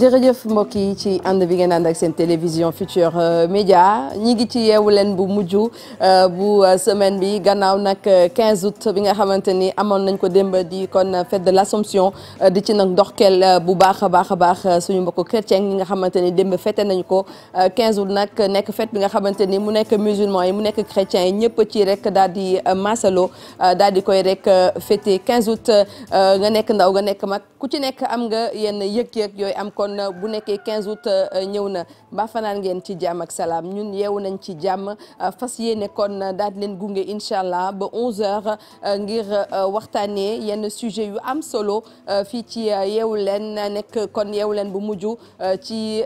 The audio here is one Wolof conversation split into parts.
jërëjëf mbokk yi ci ànd bi ngeen ànd ak seen télévision Futurs euh, média ñi ngi ci yeewu leen bu mujj euh, bu euh, semaine bi gannaaw nag 15 août bi nga xamante ni amoon nañ ko démb di kon fête de l'Assomption di ci nag ndoxkeel bu baax a baax a baax suñu mbokk chrétien yi nga xamante ni démb fête nañ ko 15 août nag nekk fête bi nga xamante ni mu nekk musulman yi mu nekk chrétien yi ñëpp ci rek daal di masalo daal di koy rek fêté 15 août nga nekk ndaw nga nekk mag ku ci nekk am nga yenn yëg-yëg yooyu am kon bu nekkee quinze août euh, ñëw na mbaa fanaan ngeen ci jàmm ak salaam ñun yeewu nañ ci jàmm euh, fas yéene kon daal leen gunge incha allah ba 11h euh, ngir waxtaanee yenn sujet yu am solo fii ci yeewu leen nekk kon yeewu leen bu mujj ci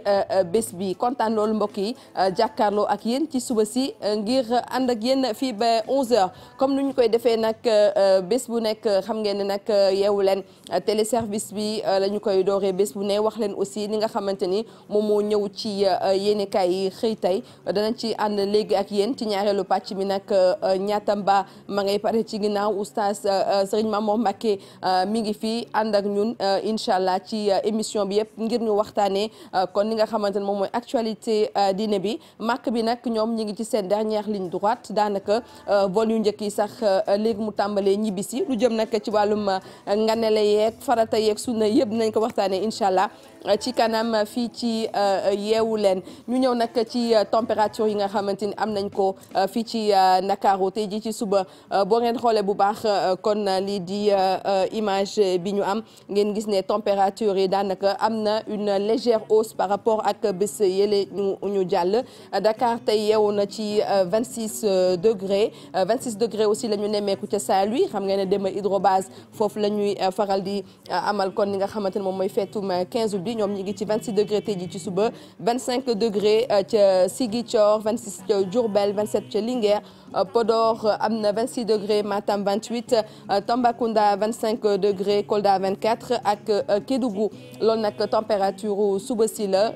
bés bi kontaan loolu mbokk yi jàkkaarloo ak yéen ci suba si ngir ànd ak yenn fii ba 11h comme nu ñu koy defee nag bés bu nekk xam ngeen ne nag yeewu leen téléservice. bis bi euh, la ñu koy dooree bés bu ne wax leen aussi li nga xamante ni moom moo ñëw ci euh, yéenekaay yi xëy tey danañ ci ànd léegi ak yéen ci ñaareelu pàcc mi nag ñaatamba euh, ma ngay pare ci ginnaaw oustaz Serigne Mamour Mbacké mi ngi fi ànd ak ñun incha allah ci émission bi yëpp ngir ñu waxtaanee kon ni nga xamante ni moom mooy actualité dina bi màkk bi nag ñoom ñu ngi ci seen dernière ligne droite daanaka vol yu njëkk yi sax léegi mu tàmbalee ñibbisi lu jëm nag ci wàllum yeeg sunna yëpp nañ ko waxtaanee incha allah ci kanam fii ci euh, yeewu leen ñu ñëw nag ci euh, température yi nga xamante ni am nañ ko euh, fii ci Ndakaaru tey jii ci suba boo ngeen xoolee bu baax kon lii di image bi ñu am ngeen gis ne température yi daanaka am na une légère hausse par rapport ak bés yële ñu ñu jàll Dakar tey yeewu na ci 26 degré 26 degré aussi la ñu nemmeeku ca Saint-Louis xam ngeen ne dema hydrobase foofu la ñuy faral di amal kon li nga xamante ne moom mooy feetum quinze août bi ñoom ñi ngi ci 26 degré tey ji ci suba 25 degré euh, ca Ziguinchor 26 ca Diourbel 27 ca Linguère euh, Podor euh, am na 26 degré Matam 28 Tambacounda 25 degré Kolda 24 ak Kédougou loolu nag température suba si la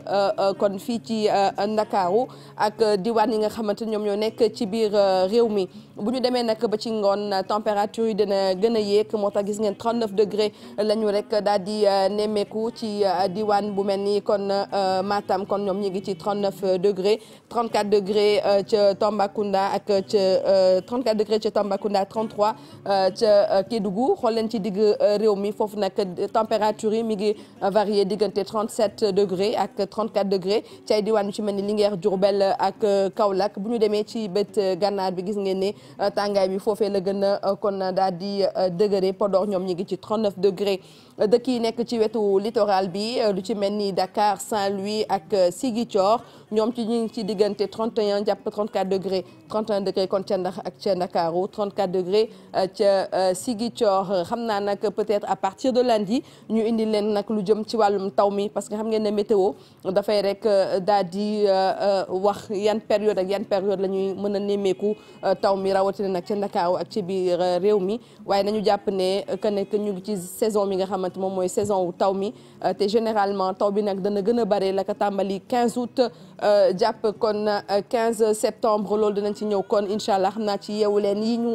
kon fii ci Ndakaaru ak diwaan yi nga xamante ne ñoom ñoo nekk ci biir réew mi bu ñu demee nag ba ci ngoon température yi dina gën a yéeg moo tax gis ngeen 39 degré la ñu rek daal di euh, nemmeeku ci euh, diwaan bu mel ni kon euh, Matam kon ñoom ñi ngi ci 39 degré 34 degré ca Tambacounda ak ca 34 degré ca Tambacounda 33 ca Kédougou xool leen ci digg réew mi foofu nag température yi mi ngi varier diggante 37 degré ak 34 degré ci ay diwaan yu ci mel ni Linguère Diourbel ak Kaolack bu ñu demee ci bët gànnaar bi gis ngeen ne Euh, tàngaay bi foofee la gën a euh, kon euh, daal di degré Podor ñoom ñi ngi ci 39 degré dëkk yi nekk ci wetu littoral bi euh, lu ci mel ni Dakar Saint-Louis ak euh, Ziguinchor ñoom ci ñu ngi ci diggante 31 jàpp 34 degré 31 degré kon ca Ndax ak ca Ndakaaru 34 degré euh, ca Ziguinchor xam naa nag peut-être à partir de lundi ñu indi leen nag lu jëm ci wàllum taw mi parce que xam ngeen ne météo dafay rek daal di wax yan période ak yan période la ñuy mën a nemmeeku taw mi rawatina nag ca Ndakaaru ak ci biir réew mi waaye nañu jàpp ne que nekk nga xamante xamante moom mooy saison wu taw mi euh, te généralement taw bi nag dana gën a bare la ko tàmbali 15 août euh, jàpp kon 15 euh, septembre loolu dinañ ci ñëw kon incha allah xam naa ci yeewu leen yi ñu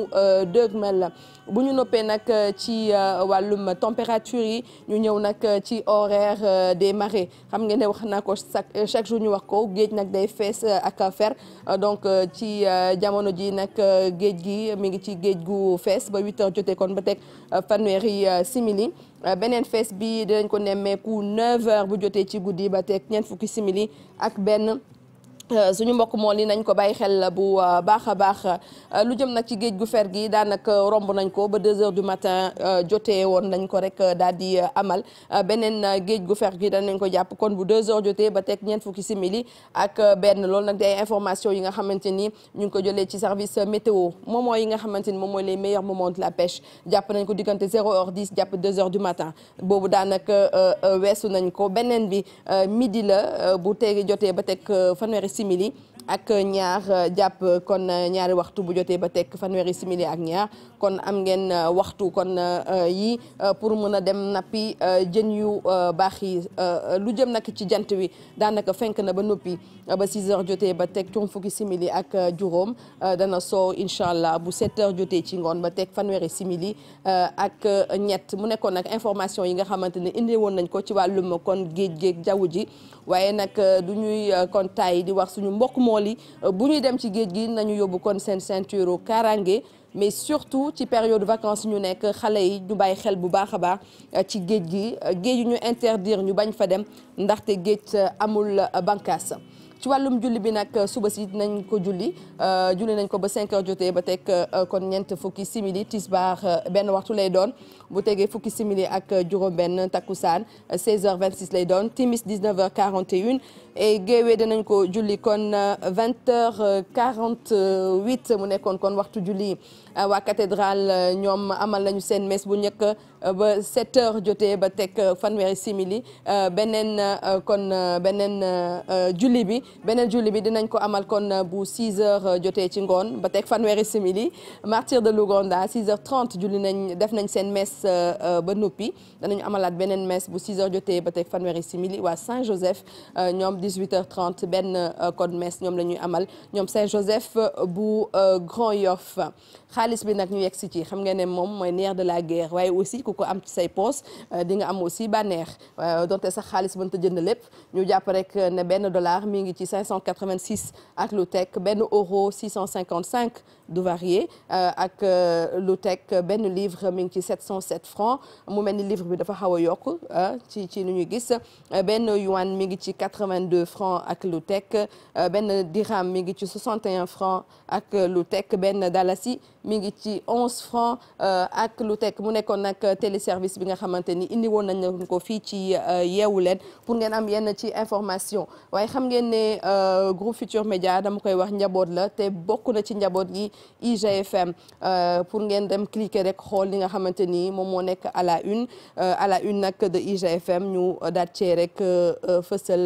dëgmal bu ñu noppee nag euh, ci euh, wàllum température yi ñu ñëw nag euh, ci horaire des marées xam ngeen ne wax naa ko chaque chaque jour ñu wax ko géej nag day fees ak fer donc ci jamono ji nag géej gi mu ngi ci géej gu fees ba huit heures jotee kon ba teg fanweeri simili beneen fees bi danañ ko nemmeeku neuf heures bu jotee ci guddi ba teg ñeent fukki simili ak benn Euh, suñu mbokk moom yi nañ ko bàyyi xel bu euh, baax a baax euh, lu jëm nag ci géej gu fer gi daanaka romb nañ ko ba deux heures du matin jotee woon nañ ko rek daal di amal beneen géej gu fer gi danañ ko jàpp kon bu deux heures jotee ba teg ñeent fukki simili ak benn loolu nag di information yi nga xamante ni ñu ngi ko jëlee ci service météo moment yi nga xamante ni moom mooy les meilleurs moments de la jàpp nañ ko diggante zéro heure dix jàpp deux heures du matin boobu daanaka weesu nañ ko beneen bi midi la bu tegi jotee ba teg fanweeri simili ak ñaar euh, jàpp euh, kon euh, ñaari waxtu bu jotee ba tekk fanweeri simili ak ñaar kon am ngeen waxtu kon yi pour mun a dem nappi jën yu baax yi lu jëm nag ci jant wi daanaka fenk na ba noppi ba 6 jotee ba teg cum fukki simili ak juróom dana soow incha allah bu 7 jotee ci ngoon ba teg fanweeri simili ak ñett mu nekkoon nag information yi nga xamante ne indi woon nañ ko ci wàllum kon géej géej jaww ji waaye nag du ñuy kon tay di wax suñu mbokk moom mool euh, bu ñu dem ci géej gi nañu yóbbu kon seen ceinture kaaraange mais surtout ci période vacances ñu nekk xale yi ñu bàyyi xel bu baax a baax euh, ci géej gi euh, géej yu ñu interdire ñu bañ fa dem ndaxte géej amul bànkaas ci wàllum julli bi nag euh, suba si nañ ko julli euh, julli nañ ko ba 5 heures jotee ba teg euh, kon ñeent fukki simili tisbaar benn waxtu lay doon bu tegee fukki simili ak juróom-benn takkusaan 16h26 lay doon timis 19h41 et géewee danañ ko julli kon 20h48 mu nekkoon kon waxtu julli. Euh, waa cathédrale euh, ñoom amal nañu seen messe bu njëkk euh, ba 7 heures jotee ba teg fanweeri simili beneen kon beneen julli bi beneen julli bi dinañ ko amal kon bu 6 heures jotee ci ngoon ba teg fanweeri simili martyr de l'Ouganda 6 heures 30 julli nañ def nañ seen messe ba noppi danañu amalaat beneen messe bu 6 heures jotee ba teg fanweeri simili waa Saint-Joseph ñoom 18 heures 30 benn kon messe ñoom lañuy amal ñoom Saint-Joseph bu Grand Yoff xaalis bi nag ñu yegg si ci xam nga ne moom mooy neer de la guerre waaye aussi ku ko am ci say poos euh, di nga am aussi bànneex euh, donte sax xaalis mënta jënd lépp ñu jàpp rek ne benn dollar mi ngi ci 586 ak lu teg benn euro 655 du varié euh, ak euh, lu teg benn livre mi ngi ci 707 francs mu mel ni livre bi dafa xaw a yokk ah, ci ci lu ñuy gis benn yuan mi ngi ci 82 francs ak lu tek euh, benn dirham mi ngi ci 61 francs ak lu teg benn dalasi mi ngi ci 11 francs ak lu teg mu nekkoon nag téléservice bi nga xamante ni indi woon nañ leen ko fii ci yeewu leen pour ngeen am yenn ci information waaye xam ngeen ne groupe Futur Média dama koy wax njaboot la te bokk na ci njaboot gi IGFM euh, pour ngeen dem cliquer rek xool li nga xamante ni moom moo nekk à la une euh, à la une nag de IGFM ñu daat cee rek euh, fësal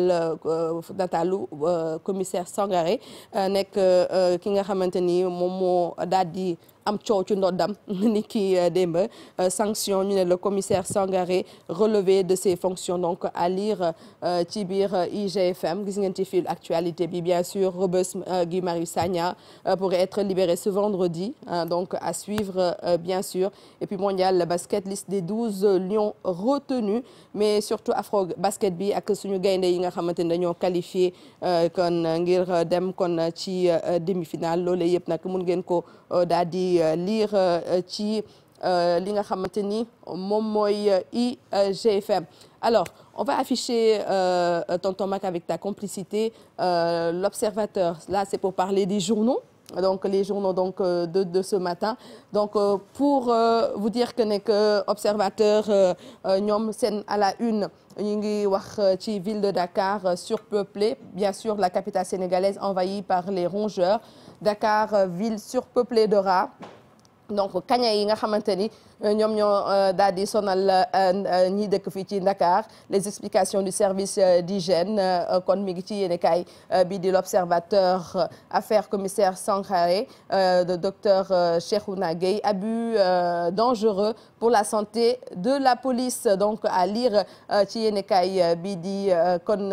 natalu commissaire Sangaré nekk ki nga xamante ni moom moo daal di am coow ci ndoddam ni ki euh, démba euh, sanction ñu ne le commissaire Sangaré relevé de ses fonctions donc à lire euh, ci biir IGFM gis ngeen ci fil actualité bi bien sûr Rebeuss Guy Marius Sagna pourrait être libéré ce vendredi donc à suivre bien sûr et puis mondial basket liste des douze lions retenus mais surtout afro basket bi ak suñu gaynde yi nga xamante ne dañoo qualifié kon ngir dem kon ci demi-finale loolu yëpp nag mun ngeen ko daal di koy lire euh, ci euh, li nga xamante ni moom mooy euh, IGFM alors on va afficher tonton Mac avec ta complicité l'observateur là c'est pour parler des journaux donc les journaux donc de de ce matin donc pour vous dire que nekk observateur ñoom seen à la une ñu ngi wax ci ville de Dakar surpeuplée bien sûr la capitale sénégalaise envahie par les rongeurs Dakar, euh, ville surpeuplée de rats. donc kaña yi nga xamante ni euh, ñoom ñoo euh, daal di sonal euh, ñi dëkk fii ci Dakar les explications du service d'hygiène kon mi ngi ci yéenekaay bi di l'observateur affaire commissaire Sankhare de docteur Cheikhouna Gueye abus dangereux pour la santé de la police donc à lire ci yéenekaay bi di kon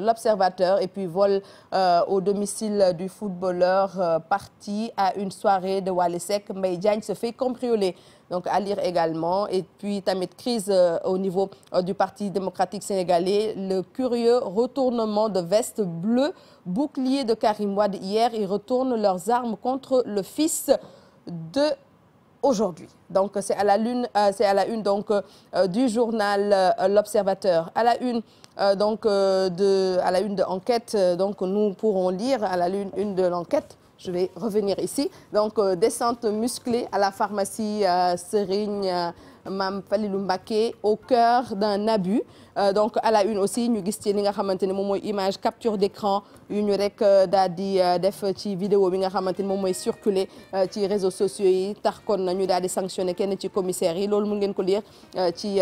l'observateur et puis vol au domicile du footballeur parti à une soirée de Wally Seck Mbaye Diagne se fait cambrioler donc à lire également et puis tamit crise euh, au niveau euh, du Parti démocratique sénégalais le curieux retournement de veste bleue bouclier de Karim Wade hier ils retournent leurs armes contre le fils de donc c'est à la lune euh, c'est à une donc euh, du journal euh, L'Observateur à la une donc de à la donc nous pourrons lire à la lune une de l'enquête je vais revenir ici. Donc, euh, descente musclée à la pharmacie euh, Serigne euh, maam Falilou Mbacké au cœur d'un abus euh, donc à la une aussi ñu gis ci li nga xamante ni moom mooy image capture d'écran yu ñu rek euh, daal di euh, def ci vidéo bi nga xamante ni moom mooy circuler ci réseaux sociaux yi tax kon ñu daal di sanctionner kenn ci commissaire yi loolu mun ngeen ko lire ci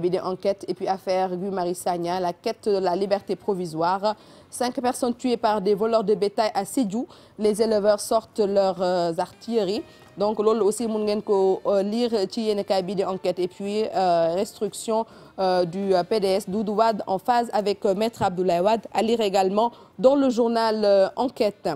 bi di enquête et puis affaire Guy Marius Sagna la quête de la liberté provisoire cinq personnes tuées par des voleurs de bétail à Sédhiou les éleveurs sortent leurs artilleries donc loolu aussi mun ngeen ko euh, lire ci yéenekaay bi di enquête et puis euh, restriction euh, du PDS Doudou Wade en phase avec Maître Abdoulaye Wade à lire également dans le journal Enquête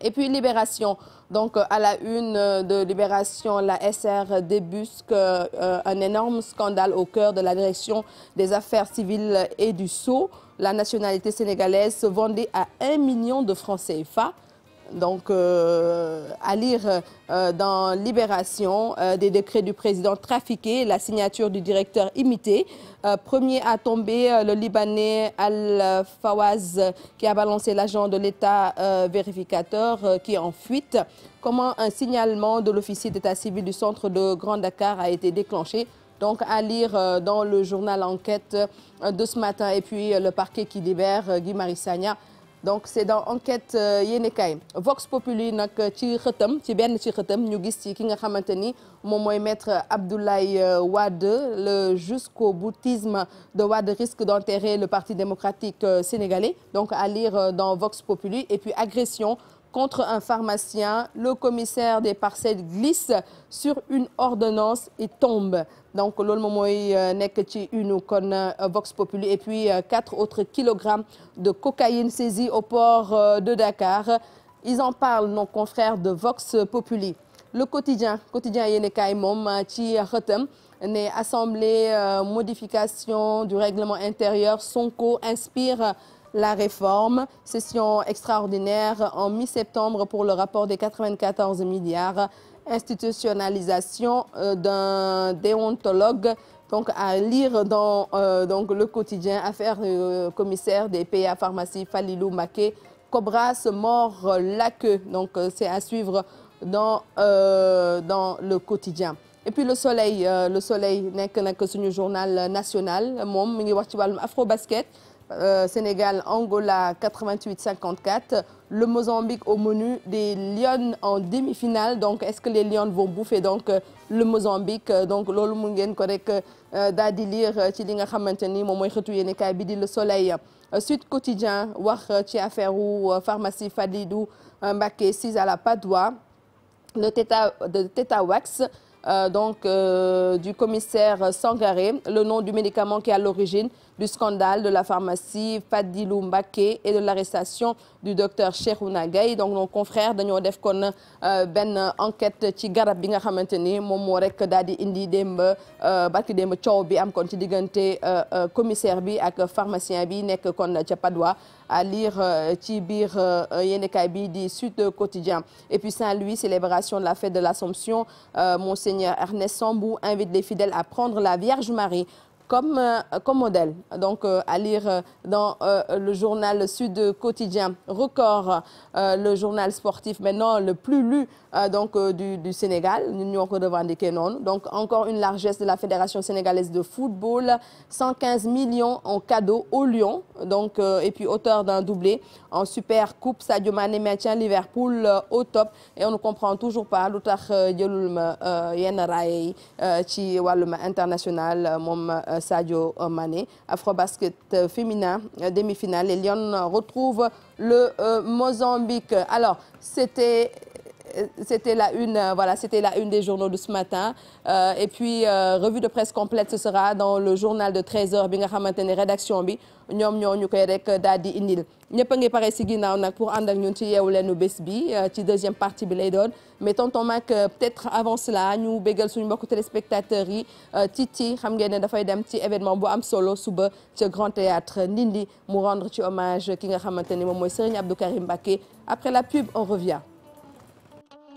et Libération donc à la une de Libération la SR débusque euh, un énorme scandale au cœur de la direction des affaires civiles et du Sceau la nationalité sénégalaise se vendait à un million de francs donc euh, à lire euh, dans Libération euh, des décrets du président trafiqués, la signature du directeur imitée. Euh, premier à tomber, le Libanais Al-Fawaz qui a balancé l'agent de l'État vérificateur qui est en fuite. Comment un signalement de l'officier d'État civil du centre de Grand Dakar a été déclenché donc à lire dans le journal Enquête de ce matin et puis le parquet qui libère Guy Marissagna donc c'est dans enquête euh, yéenekaay Vox Populi nag euh, ci xëtam ci benn ci xëtam ñu gis ci ki nga xamante ni moom mooy maître Abdoulaye euh, Wade le jusqu'au boutisme de Wade risque d'enterrer le Parti démocratique sénégalais donc à lire dans Vox Populi et puis agression contre un pharmacien le commissaire des parcelles glisse sur une ordonnance et tombe donc loolu moom mooy euh, nekk ci une kon euh, Vox Populi et puis euh, quatre autres kilogrammes de cocaïne saisis au port de Dakar ils en parlent nos confrères de Vox Populi le quotidien quotidien yéen kaay moom ci xëtam ne assemblée euh, modification du règlement intérieur Sonko inspire la réforme session extraordinaire en mi-septembre pour le rapport des 94 milliards institutionnalisation euh, d'un déontologue donc à lire dans euh, donc le quotidien affaire euh, commissaire des pays à pharmacie Falilou Maké Cobra se mord la queue donc euh, c'est à suivre dans euh, dans le quotidien et puis le soleil euh, le soleil nekk nag suñu journal national moom mi ngi wax ci wàllum afro basket Euh, Sénégal Angola 88 54 le Mozambique au menu des Lions en demi-finale donc est-ce que les Lions vont bouffer donc euh, le Mozambique euh, donc loolu mu ngeen ko rek daal di lire ci li nga xamante ni moom mooy xëtu yéenekaay bi di Le Soleil Sud Quotidien wax ci affaire wu pharmacie Fadilou Mbacké 6 à la Padoue le Teta de Tetawax donc du commissaire Sangaré le nom du médicament qui est l'origine du scandale de la pharmacie Fadilou Mbacké et de l'arrestation du docteur Cheikhouna Gaye donc nos confrères dañoo def kon euh, benn enquête ci garab bi nga xamante ni moom moo rek daal di indi démb euh, barki démb coow bi am kon ci diggante euh, commissaire bi ak pharmacien bi nekk kon ca Padois à lire ci biir yéenekaay bi di Sud Quotidien et puis Saint-Louis célébration de la fête de l'Assomption monseigneur Ernest Sambou invite les fidèles à prendre la Vierge Marie comme, euh, comme modèle. Donc, euh, à lire euh, dans euh, le journal Sud Quotidien, Record, euh, le journal sportif maintenant le plus lu donc, du, du Sénégal. Nous n'avons que revendiqué non. Donc, encore une largesse de la Fédération sénégalaise de football. 115 millions en cadeaux au Lyon. Donc, et puis, auteur d'un doublé en super coupe Sadio Mané maintient Liverpool euh, au top et on ne comprend toujours pas lu tax euh, jëlul ma euh, yenn raaya yi ci wàllum international moom Sadio Mané Afrobasket féminin demi-finale et Lyon retrouve le Mozambique alors c'était c'était la une euh, voilà c'était la une des journaux de ce matin euh, et puis euh, revue de presse complète ce sera dans le journal de 13h bi nga xamante ne rédaction bi ñoom ñoo ñu koy rek daal di indil ñëpp a ngi pare si ginnaaw nag pour ànd ak ñun ci yeewu leenu bés bi ci deuxième partie bi lay doon mais tonton Mac peut-être avant cela ñu bégal suñu mbokku téléspectateurs yi Titi xam ngeen ne dafay dem ci événement bu am solo suba ca Grand Théâtre Ndindi mu rendre ci hommage ki nga xamante ni moom mooy Serigne Abdou Karim Mbacké après la pub on revient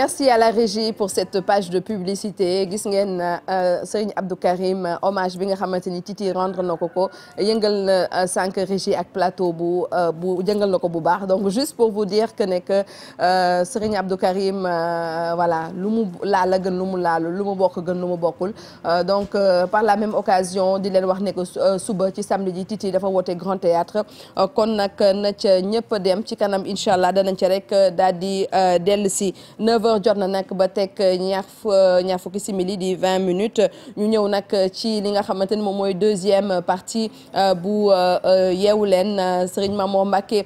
merci à la régie pour cette page de publicité gis ngeen euh, Serigne Abdou Karim hommage bi nga xamante ni Titi rendre na ko ko yëngal na euh, sànq régie ak plateau bu euh, bu jëngal na ko bu baax donc juste pour vous dire que ne que Serigne Abdou Karim voilà lu mu laal la gën lu mu laalu lu mu bokk gën lu mu bokkul donc par la même occasion di leen wax ne suba ci samedi ji Titi dafa woote Grand Théâtre kon nag na ca ñëpp dem ci kanam incha allah danañ ci rek daal di dellu si 9 jot na nag ba teg ñaar ñaar fukki simili di 20 minutes ñu ñëw nag ci li nga xamante ni moom mooy deuxième partie euh, bu euh, euh, yeewu leen Serigne Mamour Mbacke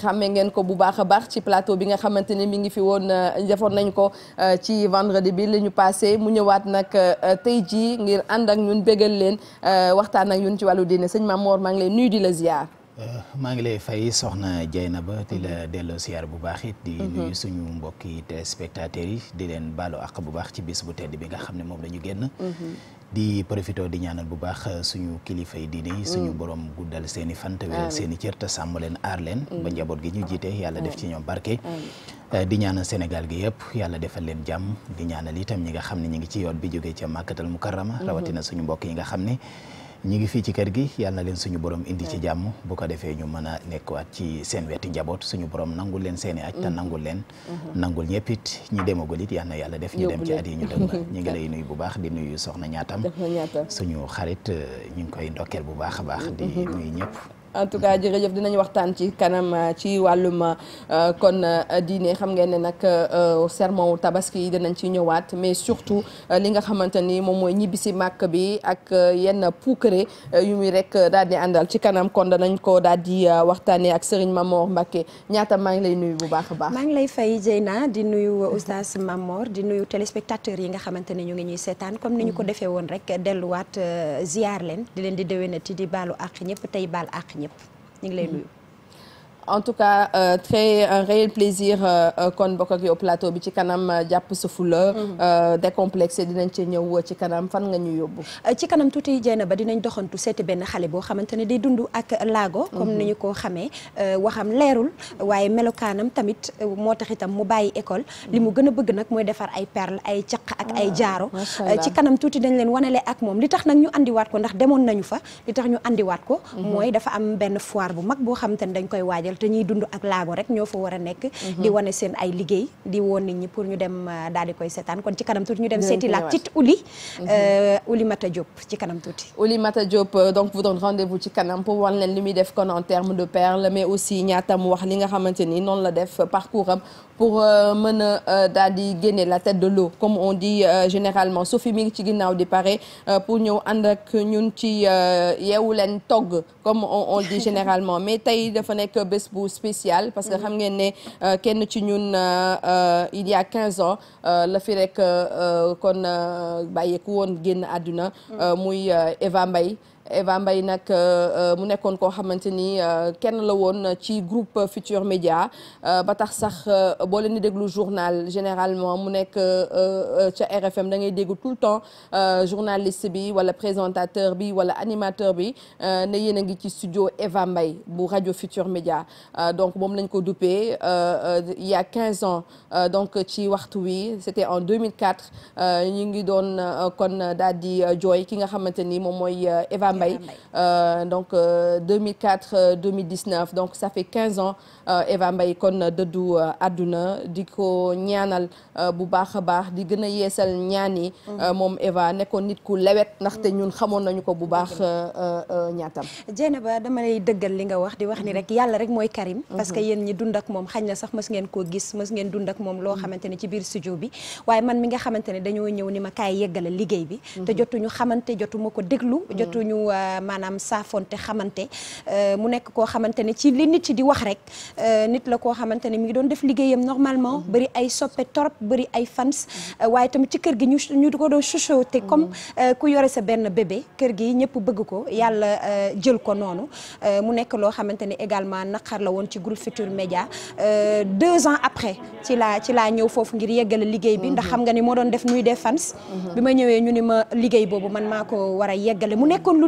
xame ngeen ko bu baax a baax ci plateau bi nga xamante ni mi ngi fi woon defoon nañ ko ci vendredi bi li ñu passé mu ñëwaat nag tey jii ngir ànd ak ñun bégal leen waxtaan ak ñun ci wàllu diine sëñ Mamour maa ngi lay nuyu di la ziar. Euh, maa ngi lay fay soxna Dieynaba di la delloo siyaar bu baax it di mhm. nuyu suñu mbokki téléspectateurs yi di leen baalo ak bu baax ci bis bu tedd bi nga xam ne moom lañu génn mhm. di profité di ñaanal bu baax euh, suñu kilifa yi di yi suñu mm. borom guddal seen i fan te seen i cër te sàmm leen aar leen mm. ba njaboot gi ñu jiite yàlla def ci ñoom barke euh, di ñaanal Sénégal gi yëpp yàlla defal leen jàmm di ñaanal itam ñi nga xam ne ñi ngi ci yoon bi jógee ca Màkkatal Mukarrama mhm. rawatina suñu mbokk yi nga xam ne ñi ngi fii ci kër gi yal na leen suñu borom indi ci jàmm bu ko defee ñu mën a nekkuwaat ci seen weti njaboot suñu borom nangul leen seeni aj te mhm. nangul leen mhm. nangul ñëpp it ñi demagul it yal na yàlla def ñu dem ci at yi ñu dëgg ñu ngi lay nuyu bu baax di nuyu soxna ñaatam suñu xarit euh, ñu ngi koy ndokkeel bu baax a baax di mhm. nuyu ñëpp en tout cas jërëjëf dinañu waxtaan ci kanam euh, ci wàllum euh, kon euh, diine xam ngeen ne nag sermon tabaski yi dinañ ci ñëwaat mais surtout li nga xamante ni moom mooy ñibbisi màkk bi ak yenn puukare yu muy rek daal di àndal ci kanam kon danañ ko daal di waxtaanee ak Serigne Mamor Mbacké ñaata maa ngi lay nuyu bu baax a baax. maa lay fay Zeyna di nuyu oustaz Mamor di nuyu téléspectateurs yi nga xamante ne ñu ngi ñuy seetaan comme ni ñu ko mm-hmm. defee woon rek delluwaat ziar leen di leen di déwénati di baalu àq ñëpp tey baal àq ñëpp ñu ngi lay mm-hmm. nuyu. en tout cas euh, très un réel plaisir euh, euh, kon bokk ak yow plateau bi ci kanam euh, jàpp sa fula. Mhm. décomplexé dinañ ci ñëw ci kanam fan nga ñu yóbbu. ci kanam tuuti jeyna ba dinañ doxantu seeti benn xale boo xamante ne day dund ak laago. Mhm. comme ni ñu ko xamee waxam leerul waaye melokaanam tamit moo tax itam mu bàyyi école. Mhm. li mu gën a bëgg nag mooy defar ay perle ay caq ak ay ah, jaaro. ci kanam tuuti dañ leen wanale ak moom li tax nag ñu andiwaat ko ndax demoon nañu fa li tax ñu andiwaat ko. mooy dafa am benn foire bu mag boo xamante ne dañ koy waajal te ñuy dund ak laago rek ñoo fa war a nekk mhm. di wane seen ay liggéey di woon nit ñi pour ñu dem euh, daal di koy seetaan kon ci kanam tuuti ñu dem seeti la petite Ouli mhm. euh, Ouli Mata Diop ci kanam tuuti Ouli Mata Diop euh, donc vous donne rendez ci kanam pour wan leen li muy def kon en terme de perles mais aussi ñaatam wax li nga xamante nii noonu la def parcours am pour euh, mën a euh, daal di génne la tête de l'eau comme on di euh, généralement Sophie mi ngi ci ginnaaw di pare pour ñëw ànd ak ñun ci yeewu leen togg comme on dit généralement mais tey dafa nekk bés bu spécial parce que mm-hmm. xam ngeen ne kenn ci ñun il y a la fi rek kon bàyyeeku woon génn àdduna mm-hmm. muy Eva Mbaye Eva Mbaye nag euh, euh, mu nekkoon koo xamante ni euh, kenn la woon ci groupe Futur Média ba tax sax boo leen di déglu journal généralement mu nekk ca RFM da ngay dégg tout le temps journaliste bi wala présentateur bi wala animateur bi ne yéen a ngi ci studio Eva Mbaye bu rajo Futur Média donc moom lañ ko duppee il y a 15 ans donc ci waxtu wi c'était en 2004 ñu ngi doon kon daal di jooy ki nga xamante moom mooy Eva Mbaye euh, donc 2004 euh, 2019 euh, donc ça fait 15 ans Eva Mbaye kon dëddu àdduna di ko ñaanal bu baax a baax di gën a yeesal ñaani mm-hmm. moom Eva nekkoon nit ku lewet ndaxte mm-hmm. ñun xamoon nañu ko bu baax ñaatam Dieynaba dama lay dëggal li nga wax di wax ni mm-hmm. rek yàlla rek mooy Karim parce que yéen ñi dund ak moom xañ na sax mës ngeen koo gis mës ngeen dund ak moom loo xamante ne ci biir studio bi waaye man mi nga xamante ne dañoo ñëw ni ma kaay yeggale liggéey bi te jotuñu xamante jotu ma ko déglu Euh, maanaam te xamante euh, mu nekk koo xamante ni ci li nit ci di wax rek euh, nit la koo xamante ne mi ngi doon def liggéeyam normalement mhm. bëri ay soppe torop bari ay fans waaye tamit ci kër gi ñu du ko doon chuchoté mhm. comme ku yore sa benn bébé kër gi ñëpp bëgg ko yàlla jël ko noonu mu nekk loo xamante ni également naqar la woon ci groupe Futur Média deux ans après ci laa ci laa ñëw foofu ngir yeggale liggéey bi ndax mhm. xam nga ni moo doon def nuy des fans bi ma ñëwee ñu ni ma liggéey boobu man maa ko war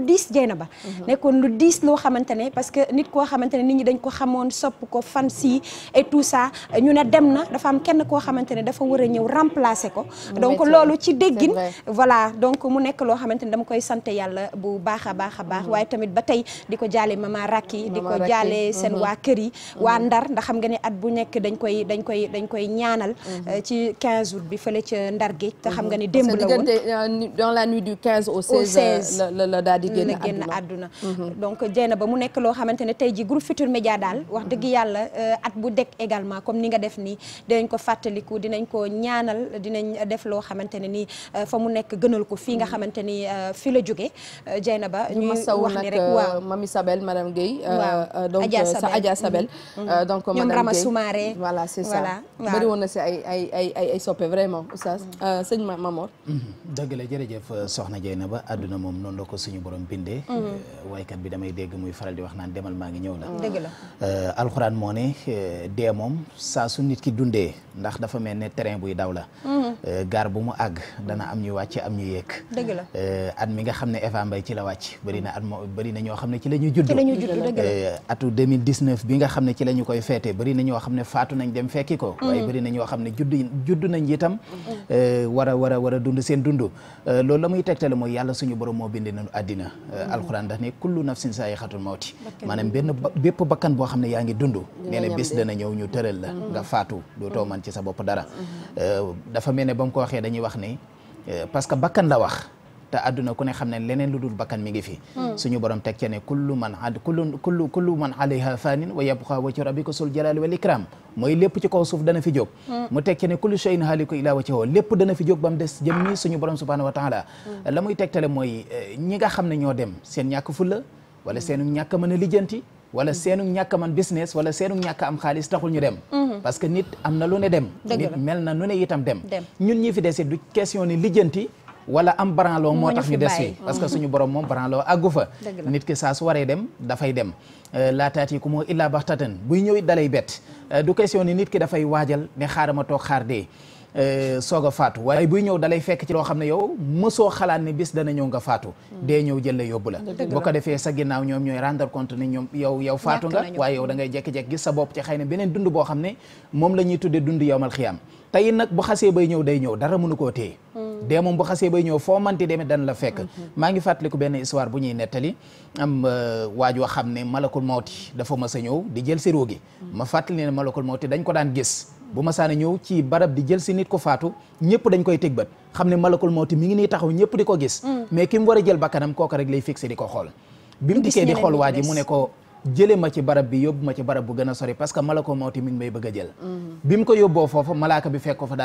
diis Dieynaba mhm. nekkoon lu diis loo xamante ne parce que nit koo xamante ne nit ñi dañ ko xamoon sopp ko fan si et tout ça ñu ne dem na dafa am kenn koo xamante ne dafa war a ñëw remplacer ko donc loolu ci déggin voilà donc mu nekk loo xamante ne dama koy sant yàlla bu baax a baax a mhm. waaye tamit ba tey di ko jaale mama Rakki di ko jaale seen mhm. waa kër yi waa Ndar ndax xam nga ne at bu nekk dañ koy dañ koy dañ koy ñaanal euh, ci 15 jours bi fële ca Ndar géej te xam nga ne démb la la génn génn àdduna mhm. donc jeyna ba mu nekk loo xamante ne tey ji groupe Futurs Médias daal mhm. wax dëgg yàlla euh, at bu dekk également comme ni nga def nii dinañ ko fàttaliku dinañ ko ñaanal dinañ def loo xamante ne nii euh, fa mu nekk gënal ko fii nga mhm. xamante ni euh, fi la jóge jeyna ba ñu wax ni rek waaw mami Sabel madame Guèye sa Adja Sabel donc ñoom Rama Soumaré voilà c'est ça bëri woon na ay ay ay ay ay soppe vraiment oustaz sëñ Mamor dëgg la jërëjëf soxna jeyna ba àdduna moom noonu la ko suñu borom doon bindee mm-hmm. euh, waykat bi damay dégg muy faral di wax naan demal maa ngi ñëw la dëgg la euh, alxuraan moo ne euh, dee moom saa su nit ki dundee ndax dafa mel ne terrain buy daw la. Mhm. Euh, gaar bu mu àgg dana am ñu wàcc am ñu yëg dëgg euh, at mi nga xam ne Eva ci la wàcc bëri na at moo bëri na ñoo xam ne ci la ñuy judd. ci la ñuy judd dëgg la euh, bi nga xam ne ci la ñu koy feete bëri na ñoo xam ne faatu nañ dem fekki ko. Mhm. waaye bëri na ñoo xam ne judd judd nañ itam. Mhm. war a war a a dund seen dund. loolu la muy teg tegtale mooy yàlla suñu borom moo bind nañu àddina. alxuraan daf ne kullu nafsin saayixatul mawti. maanaam benn bépp bakkan boo xam ne yaa ngi dund. nee na dana ñëw ñu tëral la nga faatu dootoo man ci sa bopp dara euh, dafa mel ne ba ko waxee dañuy wax ni euh, parce que bakkan la wax te àdduna ku ne xam ne leneen lu dul bakkan mi ngi fi hmm. suñu borom teg ce ne kullu man ad kullu kullu kullu man alayha fanin wa yabqa wajhu rabbika sul jalali wal ikram mooy lépp ci kaw suuf dana fi jóg hmm. mu teg ce ne kullu shay'in haliku ila wajhihi lépp dana fi jog ba mu des jëm ni suñu borom subhanahu wa taala hmm. la muy tegtale mooy euh, ñi nga xam ne ñoo dem seen ñàkk fulla wala seen ñàkk mën a lijjanti wala mhm. seenu ñàkk man business wala seenu ñàkk am xaalis taxul ñu dem mhm. parce que nit am na lu ne dem nit mel na nu ne itam dem ñun ñi fi dese du question ni lijjanti wala am baranlo moo tax ñu des fi parce que mhm. suñu borom moom branloo àggu fa nit ki saa su waree dem dafay dem euh, laataat yi ku moo illaa baxtatan buy ñëw it dalay bett euh, du question ni nit ki dafay waajal ne xaarama toog xaar dee Eh, soog a faatu waaye buy ñëw dalay fekk ci loo xam ne yow mësoo xalaat ne bis dana ñëw nga faatu dee ñëw jël la yóbbu la bu ko defee sa ginnaaw ñoom ñooy rendre compte ne ñoom yow yow faatu nga waaye yow da ngay jekki jekk gis sa bopp ci xay na beneen dund boo xam ne moom la ñuy tuddee dund yowmal xiyaam tey nag bu xasee bay ñëw day ñëw dara mënu koo téye hmm. dee moom bu xasee bay ñëw foo manti demee dan la fekk hmm. maa ngi fàttaliku benn histoire bu ñuy nettali am euh, waaj woo xam ne malakul mawti dafa mas a ñëw di jël si ruu gi hmm. ma fàttali ne malakul mawti dañ ko daan gis bu masaana ñëw ci barab di jël si nit ko faatu ñëpp dañ koy teg bët xam ne malakul mawti mi ngi nii taxaw ñëpp di ko gis mm. mais ki mu war a jël bakkanam kooku rek lay fixé di ko xool bi mu dikkee waa ji mu ne ko jële ma ci barab bi yóbbu ma ci barab bu gën a sori parce que malakul mawti mi ngi may mm-hmm. mu ko yóbboo foofu malaaka bi fekk ko fa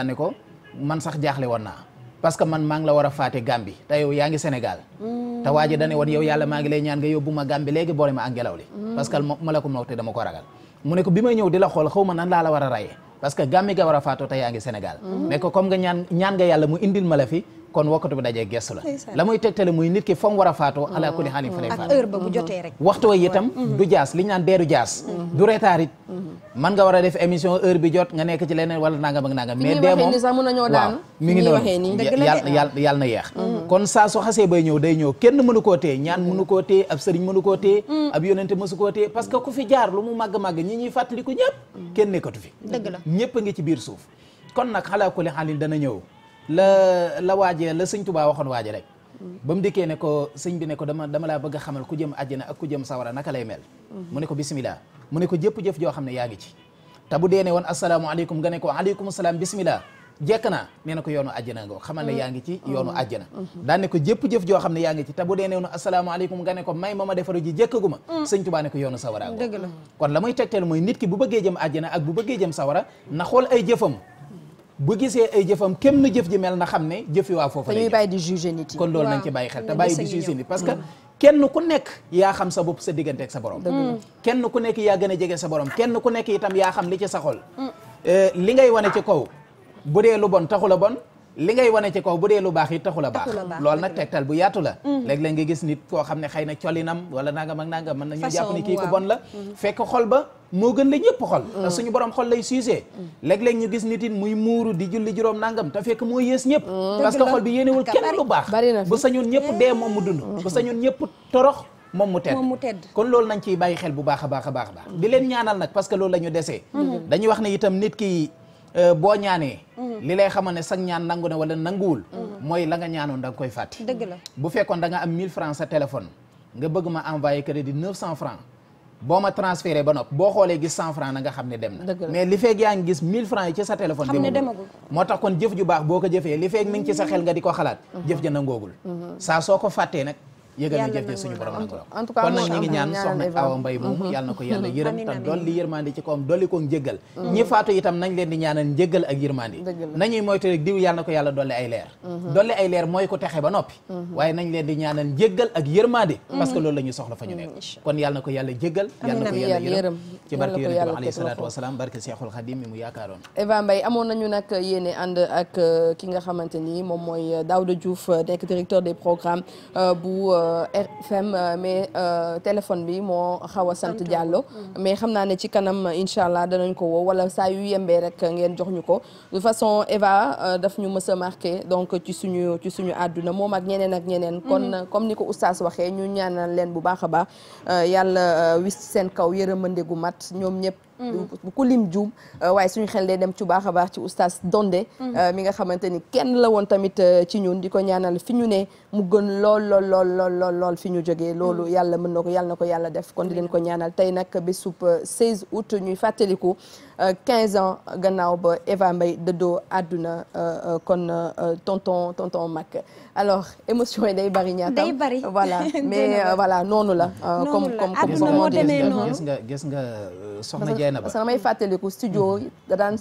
man sax jaaxle woon naa parce que man maa ngi la war a faate Gambie te yow yaa ngi Sénégal mm. te waa ji dane woon yow yàlla maa ngi lay ñaan nga léegi boole ngelaw li mm. parce que malakul mawti dama ko ragal mu ne ko bi may ñëw di la xool xaw ma nan laa la war a rayee parce que gàmmi ga war a faatoo te yaa ngi Sénégal mm-hmm. mais nga ñaan nga yàlla mu indil ma la fi kon wakkatu bi dajee gestu la la muy tegtale muy nit ki fa war a faatoo oh. ala kulli xaalin fa lay faatoo ak mm-hmm. mm-hmm. jaas li ñu naan deedu jaas mm-hmm. du retard it man nga war a def émission heure bi jot nga nekk ci leneen wala nangam ak nangam mais dee moom sax mën na ñoo daanu mi ngi yàlla na yeex kon saa su xasee bay ñëw day ñëw kenn mënu koo tee ñaan mënu koo tee ab sëriñ mënu koo tee ab yonente mësu koo tee parce que ku fi jaar lu mu màgg-màgg ñi ñuy fàttaliku ñëpp kenn nekkatu fi dëgg la ñëpp a ngi ci biir suuf kon nag ala kulli xaalin dana ñëw la la waajee la sëñ Tuubaa waxoon waaje rek ba mu dikkee ne ko sëñ bi ne ko dama dama laa bëgg a xamal ku jëm àjjana ak ku jëm sawara naka lay mel mhm. mu ne ko bismillah mu ne ko jëpp jëf joo xam ne yaa ngi ci te bu dee ne woon asalaamaaleykum nga ne ko aleykum salaam bismillah jekk naa nee na ko yoonu àjjana nga xamal ne yaa ngi ci mhm. yoonu àjjana mhm. daan ne ko jëpp jëf joo xam ne yaa ngi ci te bu dee ne woon asalaamaaleykum nga ne ko may ma ma defaru ji jëkkaguma sëñ Tuubaa ne ko yoonu sawara dëgg la kon la muy tegteel mooy nit ki bu bëggee jëm àjjana ak bu bëggee jëm sawara na xool ay jëfam bu gisee ay jëfam kenn jëf ji mel na xam ne jëfi waa foofu dañuy bàyyi di juger nit yi kon loolu nañ ci bàyyi xel te bàyyi di juger nit parce que mm. kenn ku nekk yaa xam sa bopp sa diggante sa borom mm. kenn ku nekk yaa gën a jege sa borom kenn ku nekk itam yaa xam li ci saxool xol mm. eh, li ngay wane ci kaw bu dee lu bon taxu la bon li ngay wane ci kaw bu dee lu baax it taxul a baax loolu nag tegtal bu yaatu la mm. léeg-léeg nga gis nit koo xam ne xëy na colinam wala nangam ak nangam mën nañu jàpp ni kii ku bon la mm. fekk xol ba moo gën la ñëpp xol mm. suñu borom xol lay suisee léeg-léeg ñu gis nit muy muuru di julli juróom nangam te fekk moo yées ñëpp parce que xol bi yéenewul kenn lu baax bu sañoon ñëpp dee moom mu dund bu sañoon ñëpp torox moom mu tedd moom kon loolu nañ ciy bàyyi xel bu baax a baax a baax a baax di leen ñaanal nag parce que loolu la ñu desee dañuy wax ne itam nit ki Euh, boo ñaanee mm-hmm. li lay xamal ne sag ñaan nangu na wala nanguwul mm-hmm. mooy la nga ñaanoon da koy fàtti bu fekkoon da nga am 1000 francs sa téléphone nga bëgg ma envoyé crédit 900 francs boo ma transféré ba nopp boo xoolee gis 100 francs na nga xam ne dem na mais li feeg yaa ngi gis 1000 francs yi ci sa téléphone demagul moo tax kon jëf ju baax boo ko jëfee li feeg mi ci sa mm-hmm. xel nga di ko xalaat jëf ja nangoogul saa soo ko fàttee nag yëgal na jëf suñu borom nangu la kon nag ñi ngi ñaan soxna Awa Mbaye moomu yàlla na ko yàlla yërëm te dolli yërmande ci kawam dolli ko njëggal mm-hmm. ñi faatu itam nañ leen di ñaanal njëggal ak yërmande nañuy moytu rek diw yàlla na ko yàlla dolli ay leer mm-hmm. dolli ay leer mooy ko texe ba noppi mm-hmm. waaye nañ leen di ñaanal njëggal ak yërmande parce que loolu la ñu soxla fa ñu nekk kon yàlla na ko yàlla jëggal yàlla na ko yàlla yërëm ci barke yonent bi alayhi salaatu wasalaam barke Seexul Xadim mi mu yaakaaroon Eva Mbaye amoon nañu nag yéene ànd ak euh, ki nga xamante ni moom mooy euh, Daouda Diouf euh, nekk directeur des programmes bu Euh, FM euh, mais euh, téléphone bi moo xaw a sant Diallo mm. mais xam naa ne ci kanam incha allah danañ ko woo wala saa yu yembee rek ngeen jox ñu ko de façon Eva daf ñu mës a donc ci suñu ci suñu àdduna moom ak ñeneen ak ñeneen mm. kon comme ni ko oustaz waxee ñu ñaanal leen bu baax a baax yàlla wis seen kaw yërëmande gu mat ñoom ñëpp Mm. bu ko lim juum euh, waaye suñu xel day dem cu baax a baax ci oustaz Donde mm. euh, mi nga xamante ni kenn la woon tamit euh, ci ñun di ko ñaanal fi ñu ne mu gën lool lool lool lool fi ñu jógee loolu mm. yàlla mën na ko yàlla na ko yàlla def kon di leen ko ñaanal tey nag bésub 16 août ñuy fàttaliku 15 ans gannaaw ba Eva Mbaye dëddoo àdduna kon tonton tonton Mack alors émotion yi day bari ñaata bari voilà mais euh, voilà noonu la. Euh, comme comme ah, comme gis nga gis nga gis euh, nga soxna Diena ba. samay fàttaliku studio mm-hmm. da daan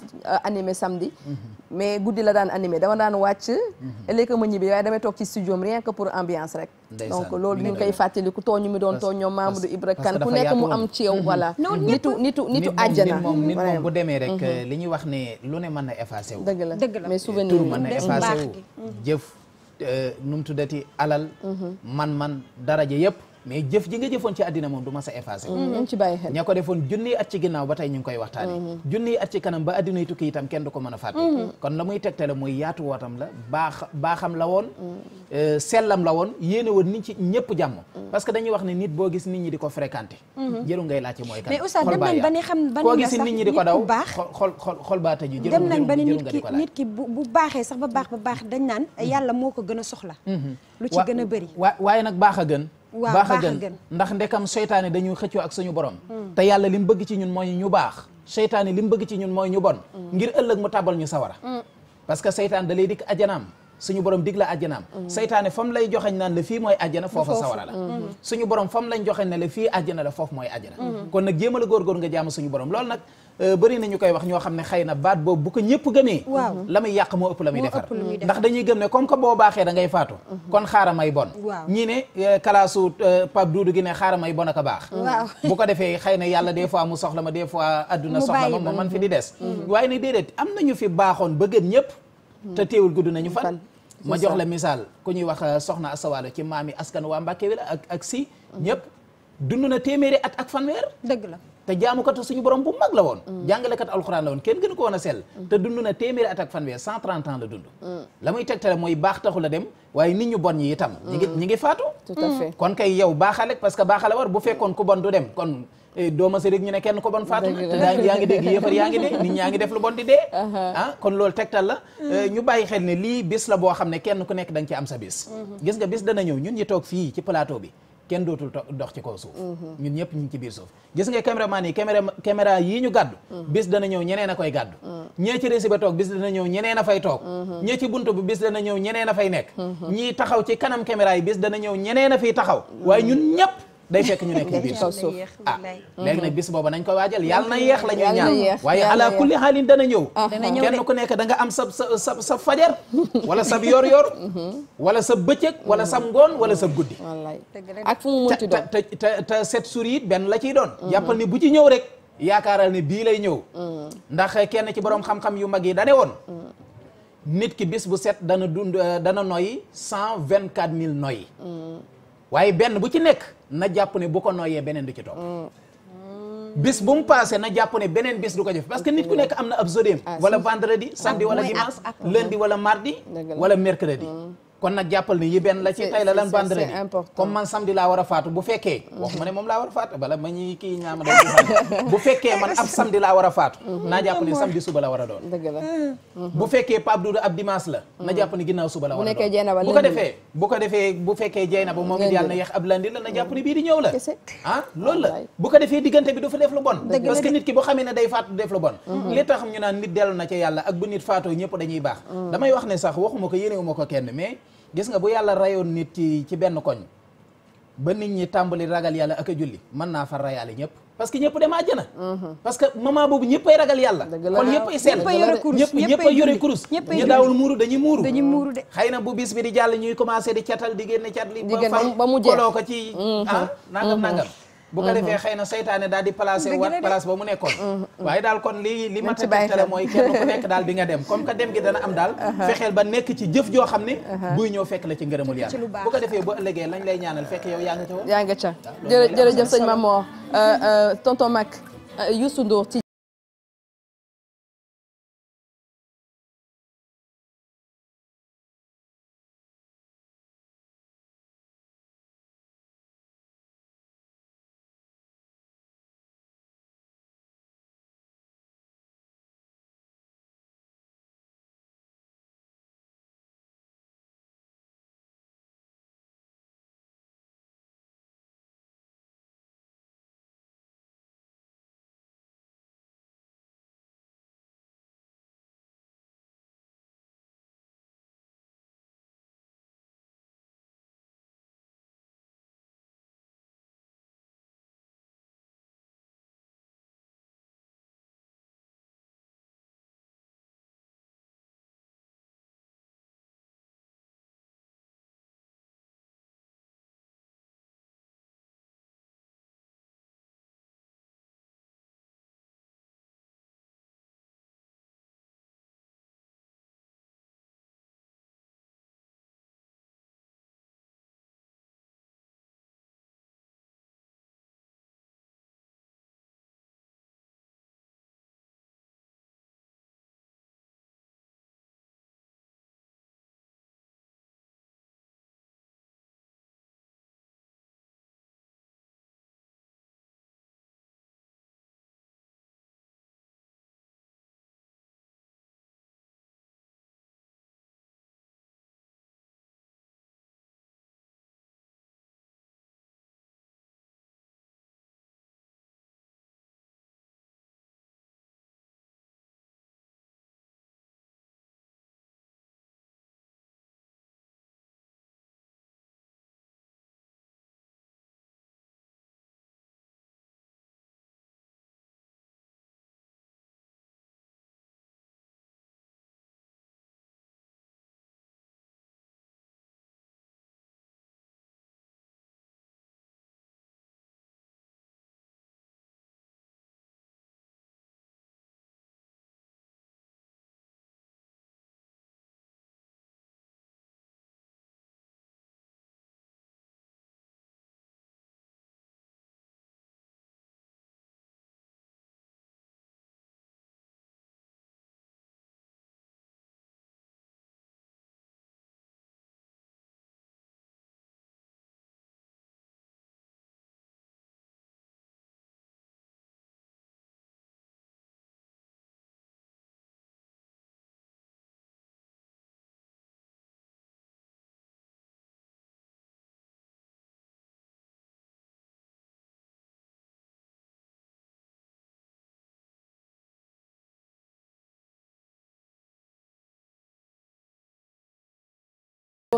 animé samedi. Mm-hmm. mais guddi la daan anime dama daan wàcc. ëllëg mm-hmm. ma ñibbi waaye damay toog ci studio am rien que pour ambiance donc loolu ñu ngi koy fàttaliku tooñu mi doon tooñ ñoom Mamadou Ibra Kane ku nekk mu am ci yow voilà. nitu nitu nitu àjjana. moom nit moom bu demee rek li ñuy wax ne lu ne mën na effacé wu. dëgg la dëgg la mais souvenir tur mën na effacé wu jëf. Euh, nu mu tuddati alal. Mm-hmm. man-man daraja yëpp. mais jëf ji nga jëfoon ci àddina moom du ma sa effacé mm-hmm. ci ko defoon junniy at ci ginnaaw ba tey ñu ngi koy waxtaane mm-hmm. junniy at ci kanam ba àddinay tukki itam kenn du ko mën a fàtte mm-hmm. kon la muy tegtale mooy yaatu wootam la baax baaxam la woon euh, sellam la woon yéene nit ci ñëpp jàmm parce que dañuy wax ne nit boo gis nit ñi di ko fréquenté jëru ngay laajte mooy kan mais oustaz dem nañ ba ni xam ba koo gis nit ñi di ko daw xol ba ni nit ki nit bu baaxee sax ba baax ba baax dañ naan yàlla moo ko gën a soxla lu ci gën a bëri waaye nag baax a gën baax a gën ndax ndekam seytaane dañuy xëccoo ak suñu borom hmm. te yàlla li mu bëgg ci ñun mooy ñu baax seytaane li mu bëgg ci ñun mooy ñu bon hmm. ngir ëllëg mu tàbbal ñu sawara hmm. parce que seytaan da lay dikk ajanaam suñu borom dig la ajjanaam seytaane fam lay joxeñ naan la fii mooy ajjana foofa sawara la suñu borom fam lañ joxeñ ne la fii ajjana la foofu mooy ajjana kon nag jéem a la góorgóor nga jaamu suñu borom loolu nag Euh, bëri na ñu koy wax ñoo xam ne xëy na baat boobu bu ko ñëpp gëmee mm-hmm. la muy yàq moo ëpp la muy defar ndax dañuy gën ne comme que boo baaxee da ngay faatu mm-hmm. kon xaara may bon ñii ne euh, kalaasu euh, Pape Doudou gi ne xaaral may bon ak a baax mm-hmm. bu ko defee xëy na yàlla des fois mu soxla ma des fois adduna soxla ma ma man fi di des waaye ne déedéet am nañu fi baaxoon ba gën ñëpp te teewul gudd nañu fan ma jox la misaal ku ñuy wax soxna asawaalo ci maam yi askan waa Mbàkke ak ak si ñëpp dund na téeméeri at ak fanweer dëgg la te jaamukatu suñu borom bu mag la woon mm. jàngalekat alxuraan la woon kenn gënu ko woon mm. te dund na téeméeri at ak fanweer cent trente ans la mm. mooy baax taxu la dem ñu bon ñi itam ñi ngi ñi kon kay yow baaxale parce que baaxale war bu fekkoon ku bon du dem kon eh, dooma sa rek kenn ko bon faatu na ngi dégg yëfar yaa ngi dee nit ñaa ngi def lu bon di dee ah kon loolu la eh, ñu bàyyi xel ne lii bis la boo xam ne kenn ku nekk da nga ci am sa bis mm-hmm. gis nga bis dana ñëw ñun ñi toog fii ci palaato bi kenn dootul dox ci kaw suuf mhm. ñun ñëpp ñu ngi ci biir suuf gis nga caméraman yi caméra caméra yii ñu gàddu mhm. bis dana ñëw ñeneen a koy gàddu mhm. ñee ci rési ba toog bis dana ñëw ñeneen a fay toog ñee ci bunt bu bis dana ñëw ñeneen fay nekk ñii taxaw ci kanam caméra yi bis dana ñëw ñeneen a fiy taxaw waaye ñun ñëpp day fekk ñu nekk ci biir suuf ah léegi nag bis booba nañ ko waajal yàlla na yeex la ñuy ñaan waaye ala kulli haalin dana ñëw kenn ku nekk da nga am sa sa sa fajar wala sa yor yor mhm. wala sa bëccëg wala sa mhm. ngoon wala sa guddi ak fu mu munti doon te te te set suur yi benn la ciy doon mhm. jàppal ni bu ci ñëw rek yaakaaral ni bii lay ñëw ndax kenn ci boroom xam-xam yu mag yi dane woon nit ki bis bu set dana dund dana noyyi cent vingt quatre mille noyyi waaye benn bu ci nekk na jàpp ne bu ko nooyee beneen du ci topp bis bu mu paasee na jàpp ne beneen bis du ko jëf parce que nit ku nekk am na ab zodéem ah, wala vendredi samedi ah, wala dimanche lundi wala mardi wala mercredi mm. kon nag jàppal ni yi benn la ci tey la lan vendredi comme man samedi laa war a faatu bu fekkee wax ne moom laa war a faatu bala ma ñuy kii ñaama da bu fekkee laa war a faatu mhm. naa jàpp suba la war a doon dëgg hmm. mhm. bu fekkee Pape Doudou ab dimanche la mhm. na jàpp ni ginnaaw suba a doon bu ko defee bu ko defee bu fekkee Jeynaba moom it yàlla na yeex ab di ñëw la ah loolu la bu ko defee diggante bi du fa def lu bon parce que nit ki boo xamee ne day faatu def lu bon li tax ñu naan nit dellu na ca yàlla ak bu nit faatoo ñëpp dañuy baax damay wax ne sax waxuma ko yéenewuma ko kenn mais gis nga bu yàlla rayoon nit ci ci benn koñ ba nit ñi tàmbali ragal yàlla ak a julli mën naa fa rayaale ñëpp parce que ñëpp dem àjjana mhm. parce que moment boobu ñëppay ragal yàlla kon ñëppay seet ñëppay yore kurus ñu daawul muuru dañuy muuru dañuy muuru de xëy na bu bis bi jàll ñuy commencé di catal di génne cat li ba mu jeex koloo ko ci mhm. ah nangam nangam bu ko uh-huh. defee xëy na seytaane daal di placé waat place ba mu nekkoon uh-huh. waaye daal kon li li mat a tegtale mooy kenn ku nekk daal di nga dem comme que dem gi dana am daal uh-huh. fexeel ba nekk ci jëf joo xam ne buy ñëw fekk la ci ngërëmul yàlla bu ko defee bu ëllëgee lañ lay ñaanal fekk yow yaa nga ca woon yaa nga ca jërëjëf sëñ Mamor euh, euh, tonton Mac euh, Youssou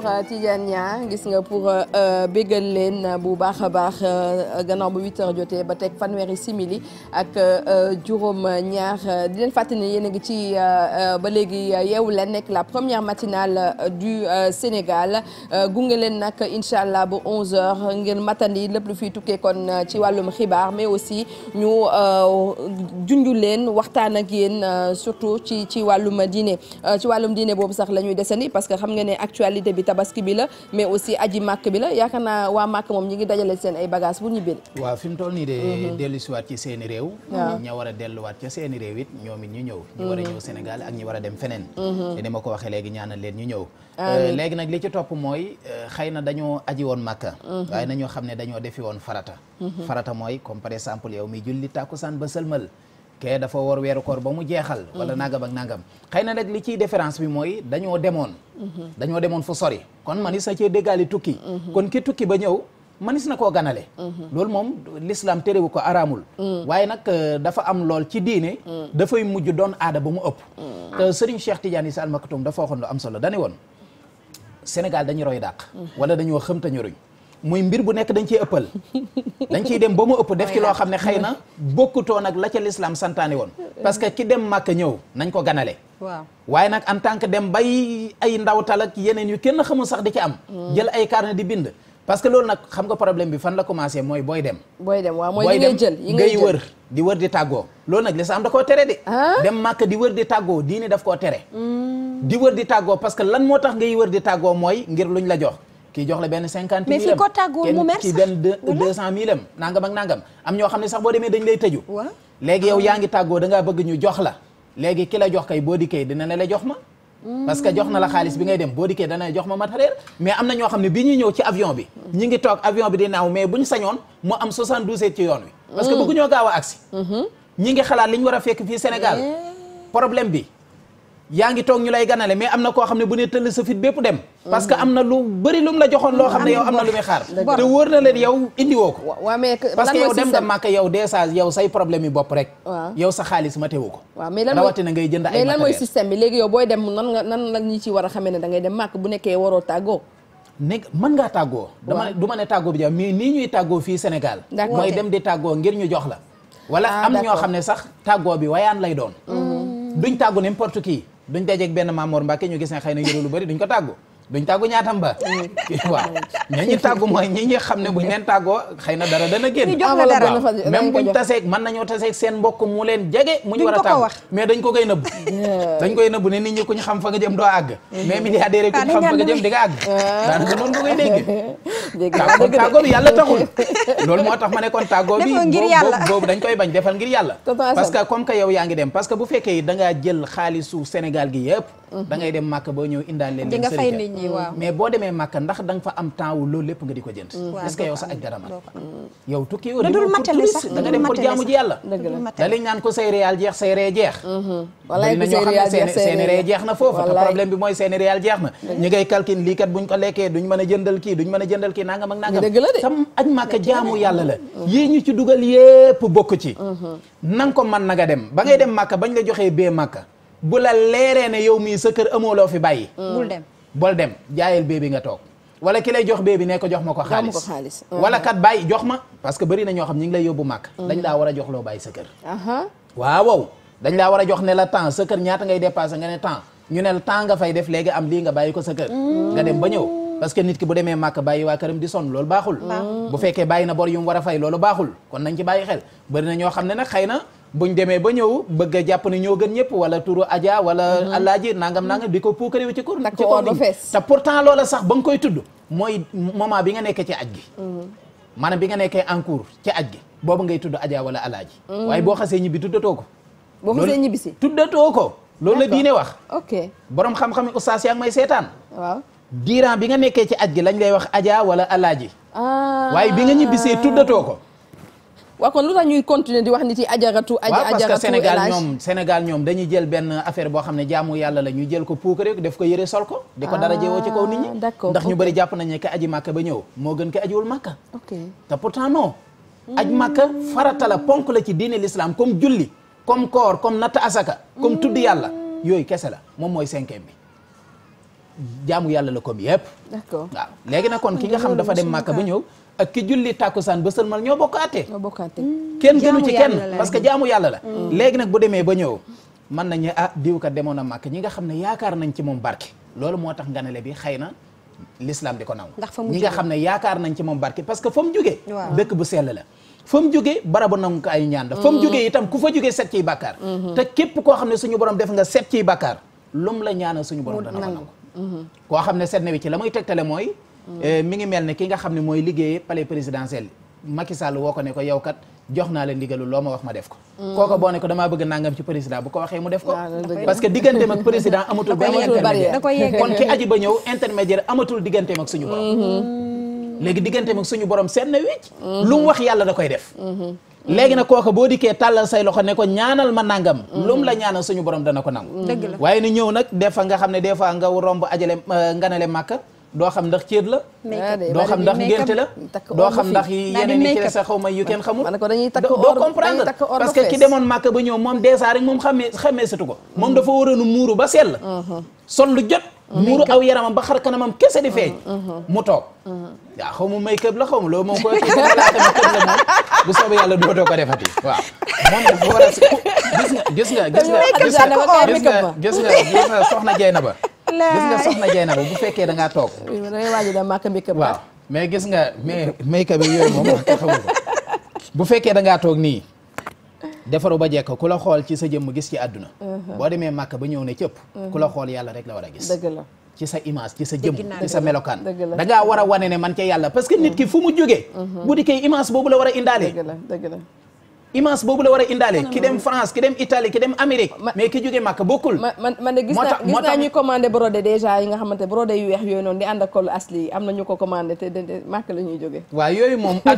pour euh, Tidiane Niang gis nga pour euh, euh, bégal leen bu baax a baax gannaaw bu 8h jotee ba teg fanweeri simili ak juróom ñaar di leen fàttali ne yéen a ngi ci ba léegi yeewu leen nekk la première matinale du Sénégal gunge leen nag incha allah ba 11h ngir matandi lépp lu fiy tukkee kon ci wàllum xibaar mais aussi ñu junju leen waxtaan ak yéen surtout ci ci wàllum diine ci wàllum diine boobu sax la ñuy desandi parce que xam nga ne actualité bi. tabaski bi la mais aussi aji màkk bi la yaakaar naa waa màkk moom ñi ngi dajale seen ay bagages bu ñibbee. waaw fi mu toll nii de mhm. dellusiwaat ci seeni réew. waaw ña war a delluwaat ca seeni réew it ñoom it ñu ñëw. ñu war a mhm. ñëw Sénégal ak ñi war a dem feneen. Mhm. ni ma ko waxee léegi ñaanal leen ñu ñëw. Eh, léegi nag li ci topp mooy eh, xëy na dañoo aji woon màkka. waaye na nañoo xam ne dañoo defi woon farata. farata mooy comme par exemple yow mi julli tàkkusaan ba sëlmal kee dafa war weeru koor ba mu jeexal wala nangam ak nangam xay na nag li ciy différence bi mooy dañoo demoon dañoo demoon fu sori kon manis na cee déggaali tukki kon ki tukki ba ñëw manis na koo ganale loolu moom l'islam terewu ko araamul waaye nag euh, dafa am lool ci diine dafay mujj doon aada ba mu ëpp te Serigne Cheikh Tidiane Sy Al Maktoum dafa waxoon lu am solo dani woon Sénégal dañu roy dàq wala dañoo xëm te muy mbir bu nekk dañ ciy ëppal dañ ciy dem ba mu ëpp def ci loo xam ne xëy na bokkutoo nag la ca lislaam santaane woon parce que ki dem màkk ñëw nañ ko ganale waaw nag en tant que dem bay ay ndawtal ak yeneen yu kenn xamul sax di ci am mm. jël ay carnet di bind parce que loolu nag xam nga problème bi fan la commencé mooy booy dem booy dem waaw mooy yi ngay ngay wër di wër di tàggoo loolu nag lislaam da koo tere de ah? dem màkk di wër di tàggoo diine daf koo tere mm. di wër di tàggoo parce que lan moo tax ngay wër di tàggoo mooy ngir luñ la jox kii jox la benn cinquante mille mais ak nangam am ñoo xam ne sax boo demee dañ lay tëju waaw léegi yow ah. yaa ngi tàggoo da bëgg ñu jox la léegi ki la jox kay boo dikkee dina ne la jox ma hmm. parce que jox na la xaalis bi ngay dem boo dikkee dana jox ma matériel mais am na ñoo xam ne bi ñuy ñëw ci avion bi ñi ngi toog avion bi di naaw mais bu sañoon mu am 72 heures ci yoon wi parce que hmm. bëggu gaaw a agsi hmm. ñi ngi xalaat li ñu war a fekk fii Sénégal eh. problème bi yaa ngi toog ñu lay ganale mais am na koo xam ne bu ne tëll sa fit bépp dem parce que am na lu bëri lu mu la joxoon loo xam ne yow am na lu muy xaar te wóor na leen yow indiwoo ko parce que yow dem nga màkk yow dèjà yow say problème ma ngay jënd ay lan mooy système bi léegi yow booy dem nan nga nan la ñi war xamee ne da dem màkk bu nekkee waroo tàggoo mën ngaa tàggoo dama du ma ne tàggoo bi jam mais nii ñuy tàggoo fii Sénégal mooy dem di tàggoo ngir ñu jox la wala ah, am ñoo xam ne sax tàggoo bi wayaan lay doon mm-hmm. duñ tàggu n'importe qui duñ dajeeg benn Mamour Mbacke ñu gis ne na yëre lu bëri duñ ko tàggu duñ tàggu ñaatam ba. Mm. waaw ña ñu tàggu mooy ñi nga xam ne buñ leen tàggoo xëy na dara dana génn. waaw même buñ taseeg mën nañoo taseeg seen mbokk mu leen jege. mu ñu war a tàggu mais dañ ko koy nëbb. dañ koy nëbb ne nit ñi ku ñu xam fa nga jëm doo àgg. Mm. mais milliardaire yi ku ñu xam di nga àgg. Ah, daanaka noonu nga loolu moo tax ma ne kon bi. boobu dañ koy bañ defal ngir yàlla. parce que comme que yow yaa ngi dem parce que bu fekkee da ngaa jël xaalisu Sénégal gi yëpp da ngay dem màkk boo ñëw indaal leen nga fay nit ñi waaw mais boo demee màkk ndax da nga fa am temps wu lépp nga di ko jënd mm. est-ce que yow sa ak dara mat tukki da nga pour jaamu ji yàlla da lañ naan ko say réal jeex say ree jeex mm-hmm. walaay bi jeex na foofu te problème bi mooy seeni réal jeex na ngay kalkin lii kat ko lekkee duñ mën a jëndal kii duñ mën a jëndal kii nangam ak nangam dëgg la de tam aj màkk jaamu yàlla la mm-hmm. yii ñu ci dugal yépp bokk ci mm-hmm. nang ko man nag a dem ba ngay dem màkk bañ la joxee bee màkk bu la leeree ne yow mii sa kër amoo loo fi bàyyi. Mm. bul dem bol dem jaayal bébi nga toog. wala ki lay jox bébi ne ko jox ma ko xaalis mm. wala kat bàyyi jox ma parce que bëri na ñoo xam ñi ngi lay yóbbu màkk mm. dañ laa war a jox loo bàyyi sa kër waaw dañ laa war a jox ne la temps kër ñaata ngay dépassé nga ne temps temps nga fay def léegi am lii nga bàyyi ko sa kër nga dem ba ñëw que nit ki bu demee màkk bàyyi waa këram di sonn loolu baaxul bu fekkee bàyyi na bor yu a fay loolu baaxul kon nañ ci bàyyi xel bëri na ñoo xam ne nag xëy na buñ demee ba ñëw bëgg a jàpp ne ñoo gën ñëpp wala turu Adja wala mhm. Alaaji nangam nangam bi ko puukarewu ci kur nag ci ko te pourtant loola sax ba nga koy tudd mooy moment bi nga nekkee ci aj gi mhm. maanaam bi nga nekkee en ci aj gi boobu ngay tudd Adja wala Alaaji mhm. waaye boo xasee ñibbi tuddatoo ko boo xasee ñibbi si tuddatoo ko loolu la diine wax ok borom xam-xam yi ustaas yaa ngi seetaan diiran bi nga nekkee ci aj gi lañ lay wax Adja wala Alaaji ah. waaye bi nga ñibbisee tuddatoo ko waaw kon lu tax ñuy continuer di wax nit yi ajaratu aja ajaratu parce que Sénégal ñoom Sénégal ñoom dañuy jël benn affaire boo xam ne jaamu yàlla la ñuy jël ko puukare def ko yëre sol ko di ko dara jeewoo ci kaw nit ñi ah, ndax ñu bëri jàpp nañu ne ka aji màkka ba ñëw moo gën ka ajiwul màkka ok te pourtant non aj màkka farata la ponk la ci diine lislaam comme julli comme koor comme natt asaka comme tudd mm. yàlla yooyu kese la moom mooy cinquième bi jaamu yàlla la comme yëpp d'accord waaw léegi nag kon ki nga xam dafa dem màkka ba ñëw ak ki julli tàkkusaan ba sëlmal ñoo bokk àtte mm. kenn gënu ci kenn parce que jaamu yàlla la mm. Mm. léegi nag bu demee ba ñëw mën nañu ah diw kat demoon a màkk ñi nga xam ne yaakaar nañ ci moom barki loolu moo tax nganale bi xëy na l'islam di ko naw ñi nga xam ne yaakaar nañ ci moom barke parce que fa mu jógee dëkk bu sell la fa mu jógee barabu nangu ko ay ñaan la fa mu jógee itam ku fa jógee set ciy bàkkaar mm-hmm. te képp koo xam ne suñu borom def nga set ciy bàkkaar lum la ñaanal suñu borom dana ko nangu mm-hmm. koo xam ne set na wi ci la muy tegtale mooy Euh, mi ngi mel ne ki nga xam ne mooy liggéeyee palais présidentiel Macky Sall woo ko ne ko yow kat jox naa la ndigalu loo ma wax ma def ko. Mm. kooka boo ne ko damaa bëgg nangam ci président bu ko waxee mu def ko. parce que digganteem ak président amatul benn kon ki aji ba ñëw intermédiaire amatul digganteem ak suñu borom. Mm-hmm. Mm. léegi digganteem ak suñu borom seen na wécc. Mm-hmm. lu mu wax yàlla da koy def. Mm-hmm. léegi nag kooka boo dikkee tàllal say loxo ne ko ñaanal ma nangam. lum la ñaanal suñu ko nangu. dëgg doo xam ndax céet la. Ah, doo xam ndax ngénte la. doo xam ndax yeneen yi ci des xaw ma yu kenn xamul. doo comprendre parce que ki demoon màkk ba ñëw moom dèjà rek moom xamee xamee satu ko. moom dafa waroon a muuru ba sell. Mm-hmm. sol lu jot. muuru aw yaramam ba xar kanamam kese di feeñ. Mm-hmm. mu toog. Mm-hmm. waaw xaw mu may këb la xaw ma loolu moom ko kii la moom bu soobee yàlla dootoo ko defati waaw. a gis nga gis nga gis nga gis nga soxna Jeynaba gis nga soxna Dieynaba bu fekkee da ngaa toog. da ngay waaj a dem màkk mbikk waaw mais gis nga mais make bi yooyu moom bu fekkee dangaa toog nii defaru ba jekk ku la xool ci sa jëmm gis ci àdduna. Uh-huh. boo demee màkk ba ñëw ne cëpp. ku la uh-huh. xool yàlla rek la war a gis. dëgg la. ci sa image ci sa jëm ci sa melokaan da ngaa war a wane ne man ca yàlla parce que nit ki fu mu jógee uh-huh. bu di koy image boobu la war a indaale la dëgg la image boobu la war a indaale ki dem France ki dem Italie ki dem Amérique mais ki jóge Màkka bokkul man man de gis naa gis nga xamante ko commandé te de Màkka la ñuy jóge waaw yooyu moom a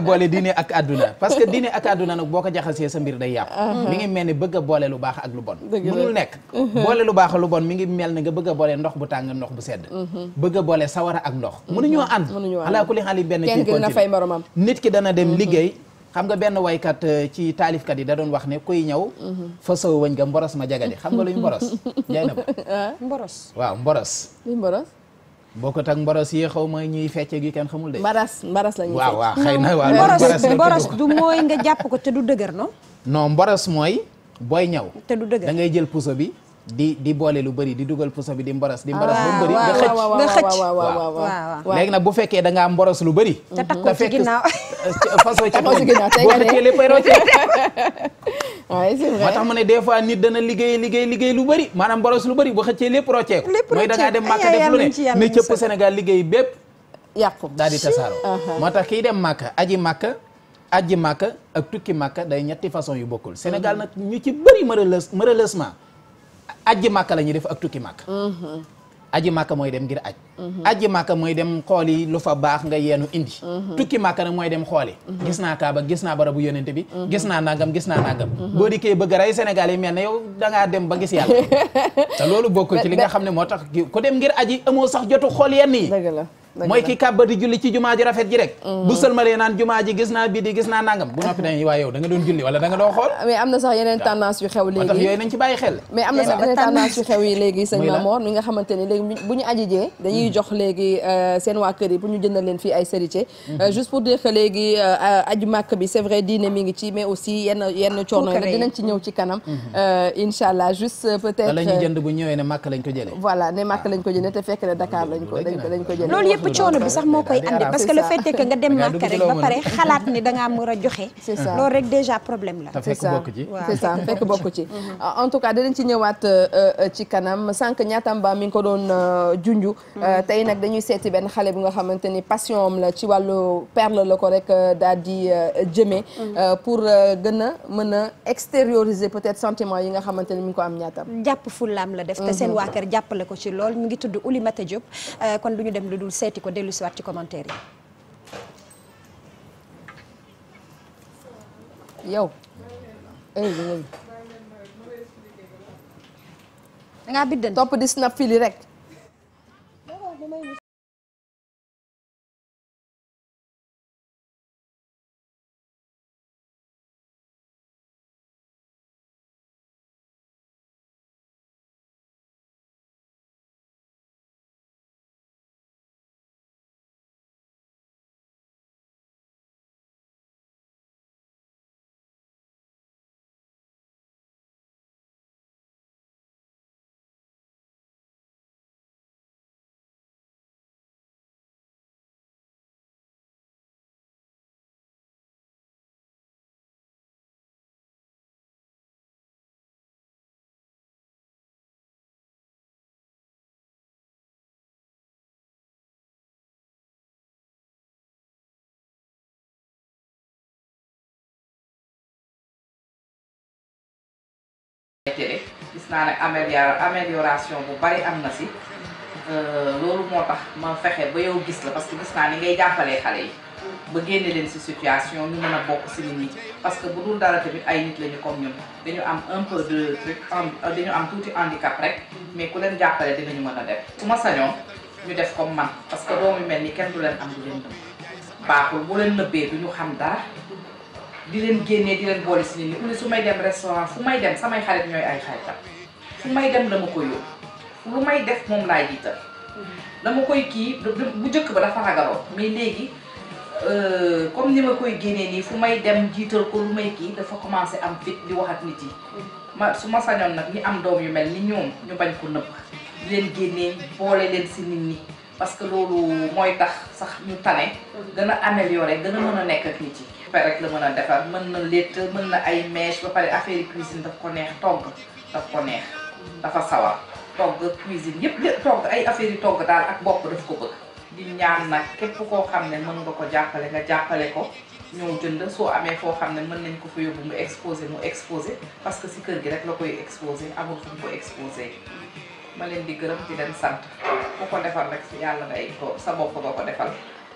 boole diine ak adduna parce que diine ak adduna nag boo ko jaxasee sa mbir day yàqu mi ngi mel ni bëgg lu baax ak lu nekk boole lu baax lu mi ngi mel ni nga bëgg a boole ndox bu tàng ndox bu sedd bëgg a boole sawara ak ndox mënuñoo ànd alaa kulli xaal benn ci nit ki dana dem liggéey xam nga benn waykat euh, ci taalifkat yi da doon wax ne kuy ñaw fa sow wëñ nga mboros ma jagadi xam nga luy mboros jay na ah. mboros waaw mboros luy mboros bokkut ak mboros xaw ma ñuy fecce gi xamul de mbaras mbaras la ñuy waaw xëy na waaw mboros du mooy nga jàpp ko te du dëgër non non mboros mooy booy ñaw te du dëgër ngay jël puso bi di di boole lu bëri di dugal puso bi di mboros di mboros ah, ba mu waaw léegi nag bu fekkee da ngaa mboros lu bëri te takkoo ci ginnaaw façon ci ginnaaw boo xëccee léppay roccee moo tax mu ne des nit dana liggéey liggéey liggéey lu bëri maanaam mboros lu bëri bu xëccee lépp rocceeku mooy danga ngaa dem màkk def lu ne ni cëpp Sénégal liggéey bépp yàqu daal di tasaaro uh-huh. moo tax kii dem màkk aji màkk aji màkk ak tukki màkk day ñetti façon yu bokkul Sénégal uh-huh. nag ñu ci bëri mëralës mëralësement ajji màkka la ñuy def ak tukki màkka mhm. aji màkka mooy dem ngir aj aji màkka mooy dem xooli lu fa baax nga yeenu indi mhm. tukki màkka na mooy dem xooli mhm. gis naa kaaba gis naa barabu yonente bi gis naa nangam gis naa nangam boo dikkee bëgg rey Sénégal yi mel ne yow danga dem ba gis yàlla te loolu bokk ci li nga xam ne moo tax ko dem ngir aji amoo sax jotu xool yenn yi mooy ki kàbbati julli ci jumaa ji rafet ji rek mm. bu sëlmalee naan jumaa ji gis naa bii di gis naa nangam bu noppi dañuy waa yow da nga doon julli wala da nga doon xool ah, mais am na sax yeneen tendance yu xew léegi yooyu nañ ci bàyyi xel mais am na sax yeneen tendance yu xew yi léegi sëñ Mamour mi nga xamante ni léegi bu ñu ajijee dañuy mm. jox léegi euh, seen waa kër yi pour ñu jënd leen fii ay sérité mm. euh, juste pour dire que léegi euh, aju màkk bi c'est vrai diine mi ngi ci mais aussi yenn yenn coono yi dinañ ci ñëw ci kanam mm-hmm. incha allah juste peut-être la ñuy jënd bu ñëwee ne màkk lañ ko jëlee ah. ko ko dañ ko yëpp coono bi sax moo koy andi parce que le fait est que nga dem màkk rek ba pare xalaat ni dangaa mën a joxe loolu rek déjà problème la fekk bokk ci mhm. euh, en tout cas dinañ ci ñëwaat euh, euh, ci kanam sànq ñaatamba mi ngi ko doon junju mhm. tey nag dañuy seeti benn xale bu nga xamante ni passion am la ci wàllu perle la ko rek daal di jëmee mhm. pour gën a mën a extérioriser peut-être sentiment yi nga xamante ni mi ngi ko am ñaatam jàpp fulaam la def te seen waa kër jàppale ko ci lool mu ngi tudd Oulimata Diop kon duñu dem lu dul seet yëkkati ko dellu si waat ci commentaire yi yow ey yow dangaa biddan topp di snap fili rek naa ne amélior amélioration bu bari am na si euh, loolu moo tax ma fexe ba yow gis la parce que gis naa ni ngay jàppalee xale yi ba génne leen si situation ñu mën a bokk si nit ñi parce que bu dul dara tamit ay nit lañu comme ñun dañu am un peu de truc dañu am tuuti handicap rek mais ku leen jàppale dinañu mën a def su ma sañoon ñu def comme man parce que doomu mel ni kenn du leen am du leen nëbb baaxul bu leen nëbbee du ñu xam dara di leen génnee di leen boole si nit ñi uli su may dem restaurant fu ñooy ay xaritam fu may dem dama koy yóbbu lu may def moom laay jiital dama koy kii bu njëkk ba dafa ragaloon mais léegi euh, comme ni ma koy génnee nii fu may dem jiital ko lu may kii dafa commencé am fit di wax ak nit yi ma su ma sañoon nag ñi am doom yu mel ni ñoom ñu bañ ko nëbb leen génnee boole leen si nit ñi parce que loolu mooy tax sax ñu tane gën a améliorer gën mën a nekk ak nit yi pare la mën a defar mën na létt mën na ay mèche ba pare affaire yi cuisine ko neex togg daf ko neex dafa sawar togg cuisine yëpp lépp togg ay affaires yi togg daal ak bopp daf ko bëgg di ñaan na képp koo xam ne mën nga ko jàppale nga jàppale ko ñëw jënd soo amee foo xam ne mën nañ ko fa yóbbu mu exposé mu exposé parce que si kër gi rek la koy exposé amul fu ko exposé ma leen di gërëm di leen sant ku ko defal rek si yàlla ngay ko sa bopp doo ko defal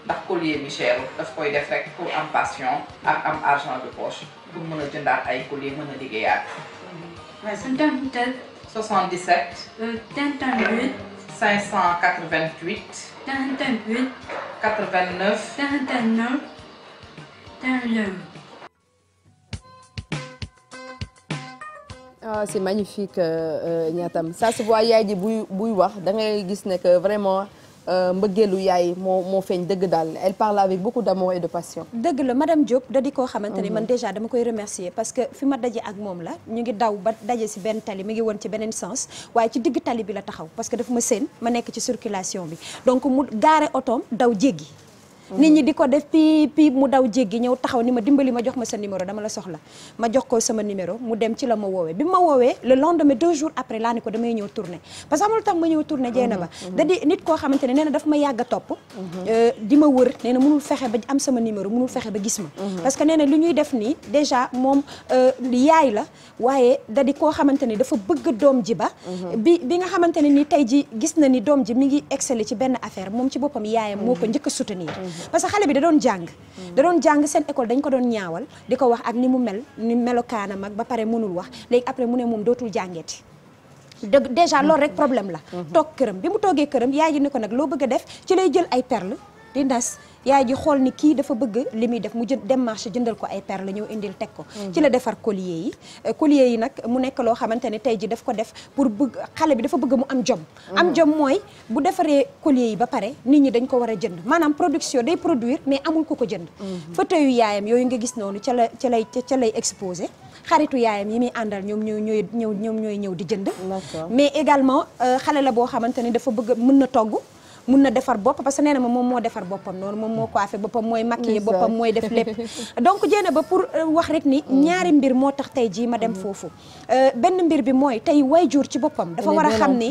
ndax collier mi daf koy def rek pour am passion ak am argent de poche pour mën a jëndaat ay collier mën a liggéeyaat. 77. 488. 588. 488. 89. 49. 49. ah c'est magnifique ñaatam euh, euh, ça se voit yaay ji buy buy wax da ngay gis ne que vraiment. Euh, mbëggeelu yaay moo moo feeñ dëgg daal elle parle avec beaucoup d'amour et de passion. dëgg la madame Diop da di koo xamante ni mhm. man déjà dama koy remercier parce que fi ma daje ak moom la ñu ngi daw ba daje si benn tali mi ngi woon ci beneen sens waaye ci digg tali bi la taxaw parce que daf ma seen ma nekk ci circulation bi donc mu gaare otoom daw jéggi. nit ñi di ko def piip piip mu daw jéggi ñëw taxaw ni ma dimbali ma jox ma sa numéro dama la soxla ma jox ko sama numéro mu dem ci la ma woowee bi ma woowee le lendemain deux jours après laa ni ko damay ñëw tourner parce que amul tax ma ñëw tourner jeena ba mhm, mhm. da di nit koo xamante ne nee na daf ma yàgg topp mhm. euh, di ma wër nee na mënul fexe ba am sama numéro mënul fexe ba gis ma parce que nee na li ñuy def nii déjà moom euh, yaay la waaye da di koo xamante ne dafa bëgg doom ji ba bi bi nga xamante ne ni tey ji gis na ni doom ji mi ngi exceller ci benn affaire moom ci boppam yaayam moo ko njëkk a soutenir parce que xale bi da doon jàng mm. da doon jàng seen école dañ ko doon ñaawal di ko wax ak ni mu mel ni melokaana mag ba pare mënul wax léegi après mu ne moom dootul jàngee jàngeeti dëgg déjà loolu rek problème la mm-hmm. toog këram bi mu toogee këram yaay ji ne ko nag loo bëgg a def ci lay jël ay perle di yaay ji xool ni kii dafa bëgg li muy def mu jë dem marché jëndal ko ay la ñëw indil teg ko mm-hmm. ci la defar collier yi euh, collier yi nag mu nekk loo xamante ne tey ji daf ko def pour bëgg xale bi dafa bëgg mu am jom mm-hmm. am jom mooy bu defaree collier yi ba pare nit ñi dañ ko war a jënd maanaam production day produire mais amul ku ko jënd mm-hmm. fauteuil yu yaayam yooyu nga gis noonu ca la ca lay ca lay exposé xaritu yaayam yi muy àndal ñoom ñooy ñooy ñëw ñoom ñooy ñëw di jënd mais également euh, xale la boo xamante ne dafa bëgg mën na togg mun na defar bopp parce que nee ma moom moo defar boppam noonu moom moo coiffé boppam mooy maquillé boppam mooy def lépp donc jéene ba pour euh, wax rek ni mm. ñaari mbir moo tax tey jii ma dem mm. foofu euh, benn mbir bi mooy tey jur ci boppam dafa war a xam ni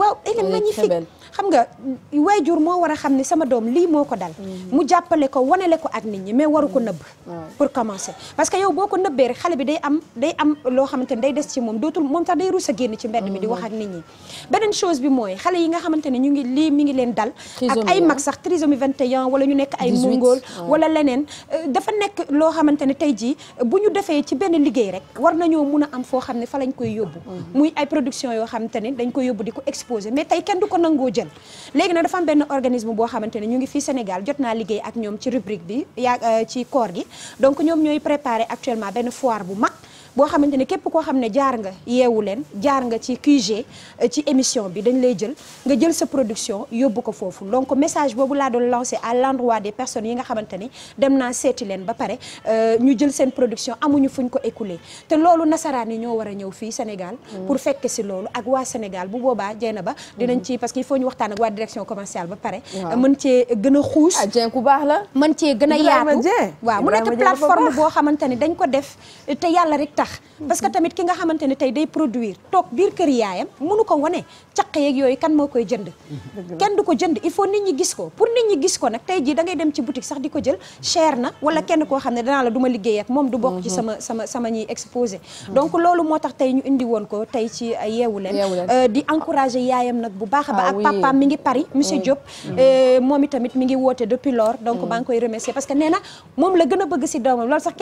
waaw elle est magnifique xam nga waajur moo war a xam ne sama doom lii moo ko dal mm-hmm. mu jàppale ko wanale ko ak nit ñi mais waru ko mm-hmm. nëbb pour commencer parce que yow boo ko nëbbee rek xale bi day am day am loo xamante ni day des ci moom dootul moom tax day rus a génn ci mbedd mi di mm-hmm. wax ak nit ñi beneen chose bi mooy xale yi nga xamante ne ñu ngi lii mi ngi leen dal ak ay mag sax trisomie 21 wala ñu nekk ay mongol wala leneen euh, dafa nekk loo xamante ne tey jii bu ñu defee ci benn liggéey rek war nañoo mun a am foo xam ne fa lañ koy yóbbu muy ay production yoo xamante ne dañ koy yóbbu di ko exposer mais tey kenn du ko nangoo jël léegi nag dafa benn organisme boo xamante ne ñu ngi fii Sénégal jot naa liggéey ak ñoom ci rubrique bi yaa euh, ci koor gi donc ñoom ñooy préparé actuellement benn foire bu mag boo xamante ne képp koo xam ne jaar nga yeewu leen jaar nga ci QG euh, ci émission bi dañ lay jël nga jël sa production yóbbu ko foofu donc message boobu laa doon lancé à l'endroit de personne yi nga xamante ni dem naa seeti leen ba pare euh, ñu jël seen production amuñu fuñ ko écoulé te loolu nasaraan yi ñoo war a ñëw fii Sénégal mm. pour fekke si loolu ak waa Sénégal bu boobaa jeena ba mm. dinañ ci parce que il faut ñu waxtaan ak waa direction commerciale ba pare mën cee gën a xuus ah, Dieng ku baax la mën cee gën a yaatu waaw mu xamante ni dañ ko def tax parce que tamit ki nga xamante ne tey day produire toog biir kër yaayam mënu ko wane caq yeeg yooyu kan moo koy jënd kenn du ko jënd il faut nit ñi gis ko pour nit ñi gis ko nag tey jii da ngay dem ci boutique sax di ko jël cher na wala kenn koo xam ne danaa la du ma liggéey ak moom du bokk ci mhm. sama sama sama exposé mhm. donc loolu moo tax tey ñu indi woon ko tey ci euh, yeewu leen euh, di encouragé yaayam nag bu baax ah ak papaam mi ngi Paris monsieur Diop mhm. euh, moom itamit mi ngi a bëgg si doomam loolu sax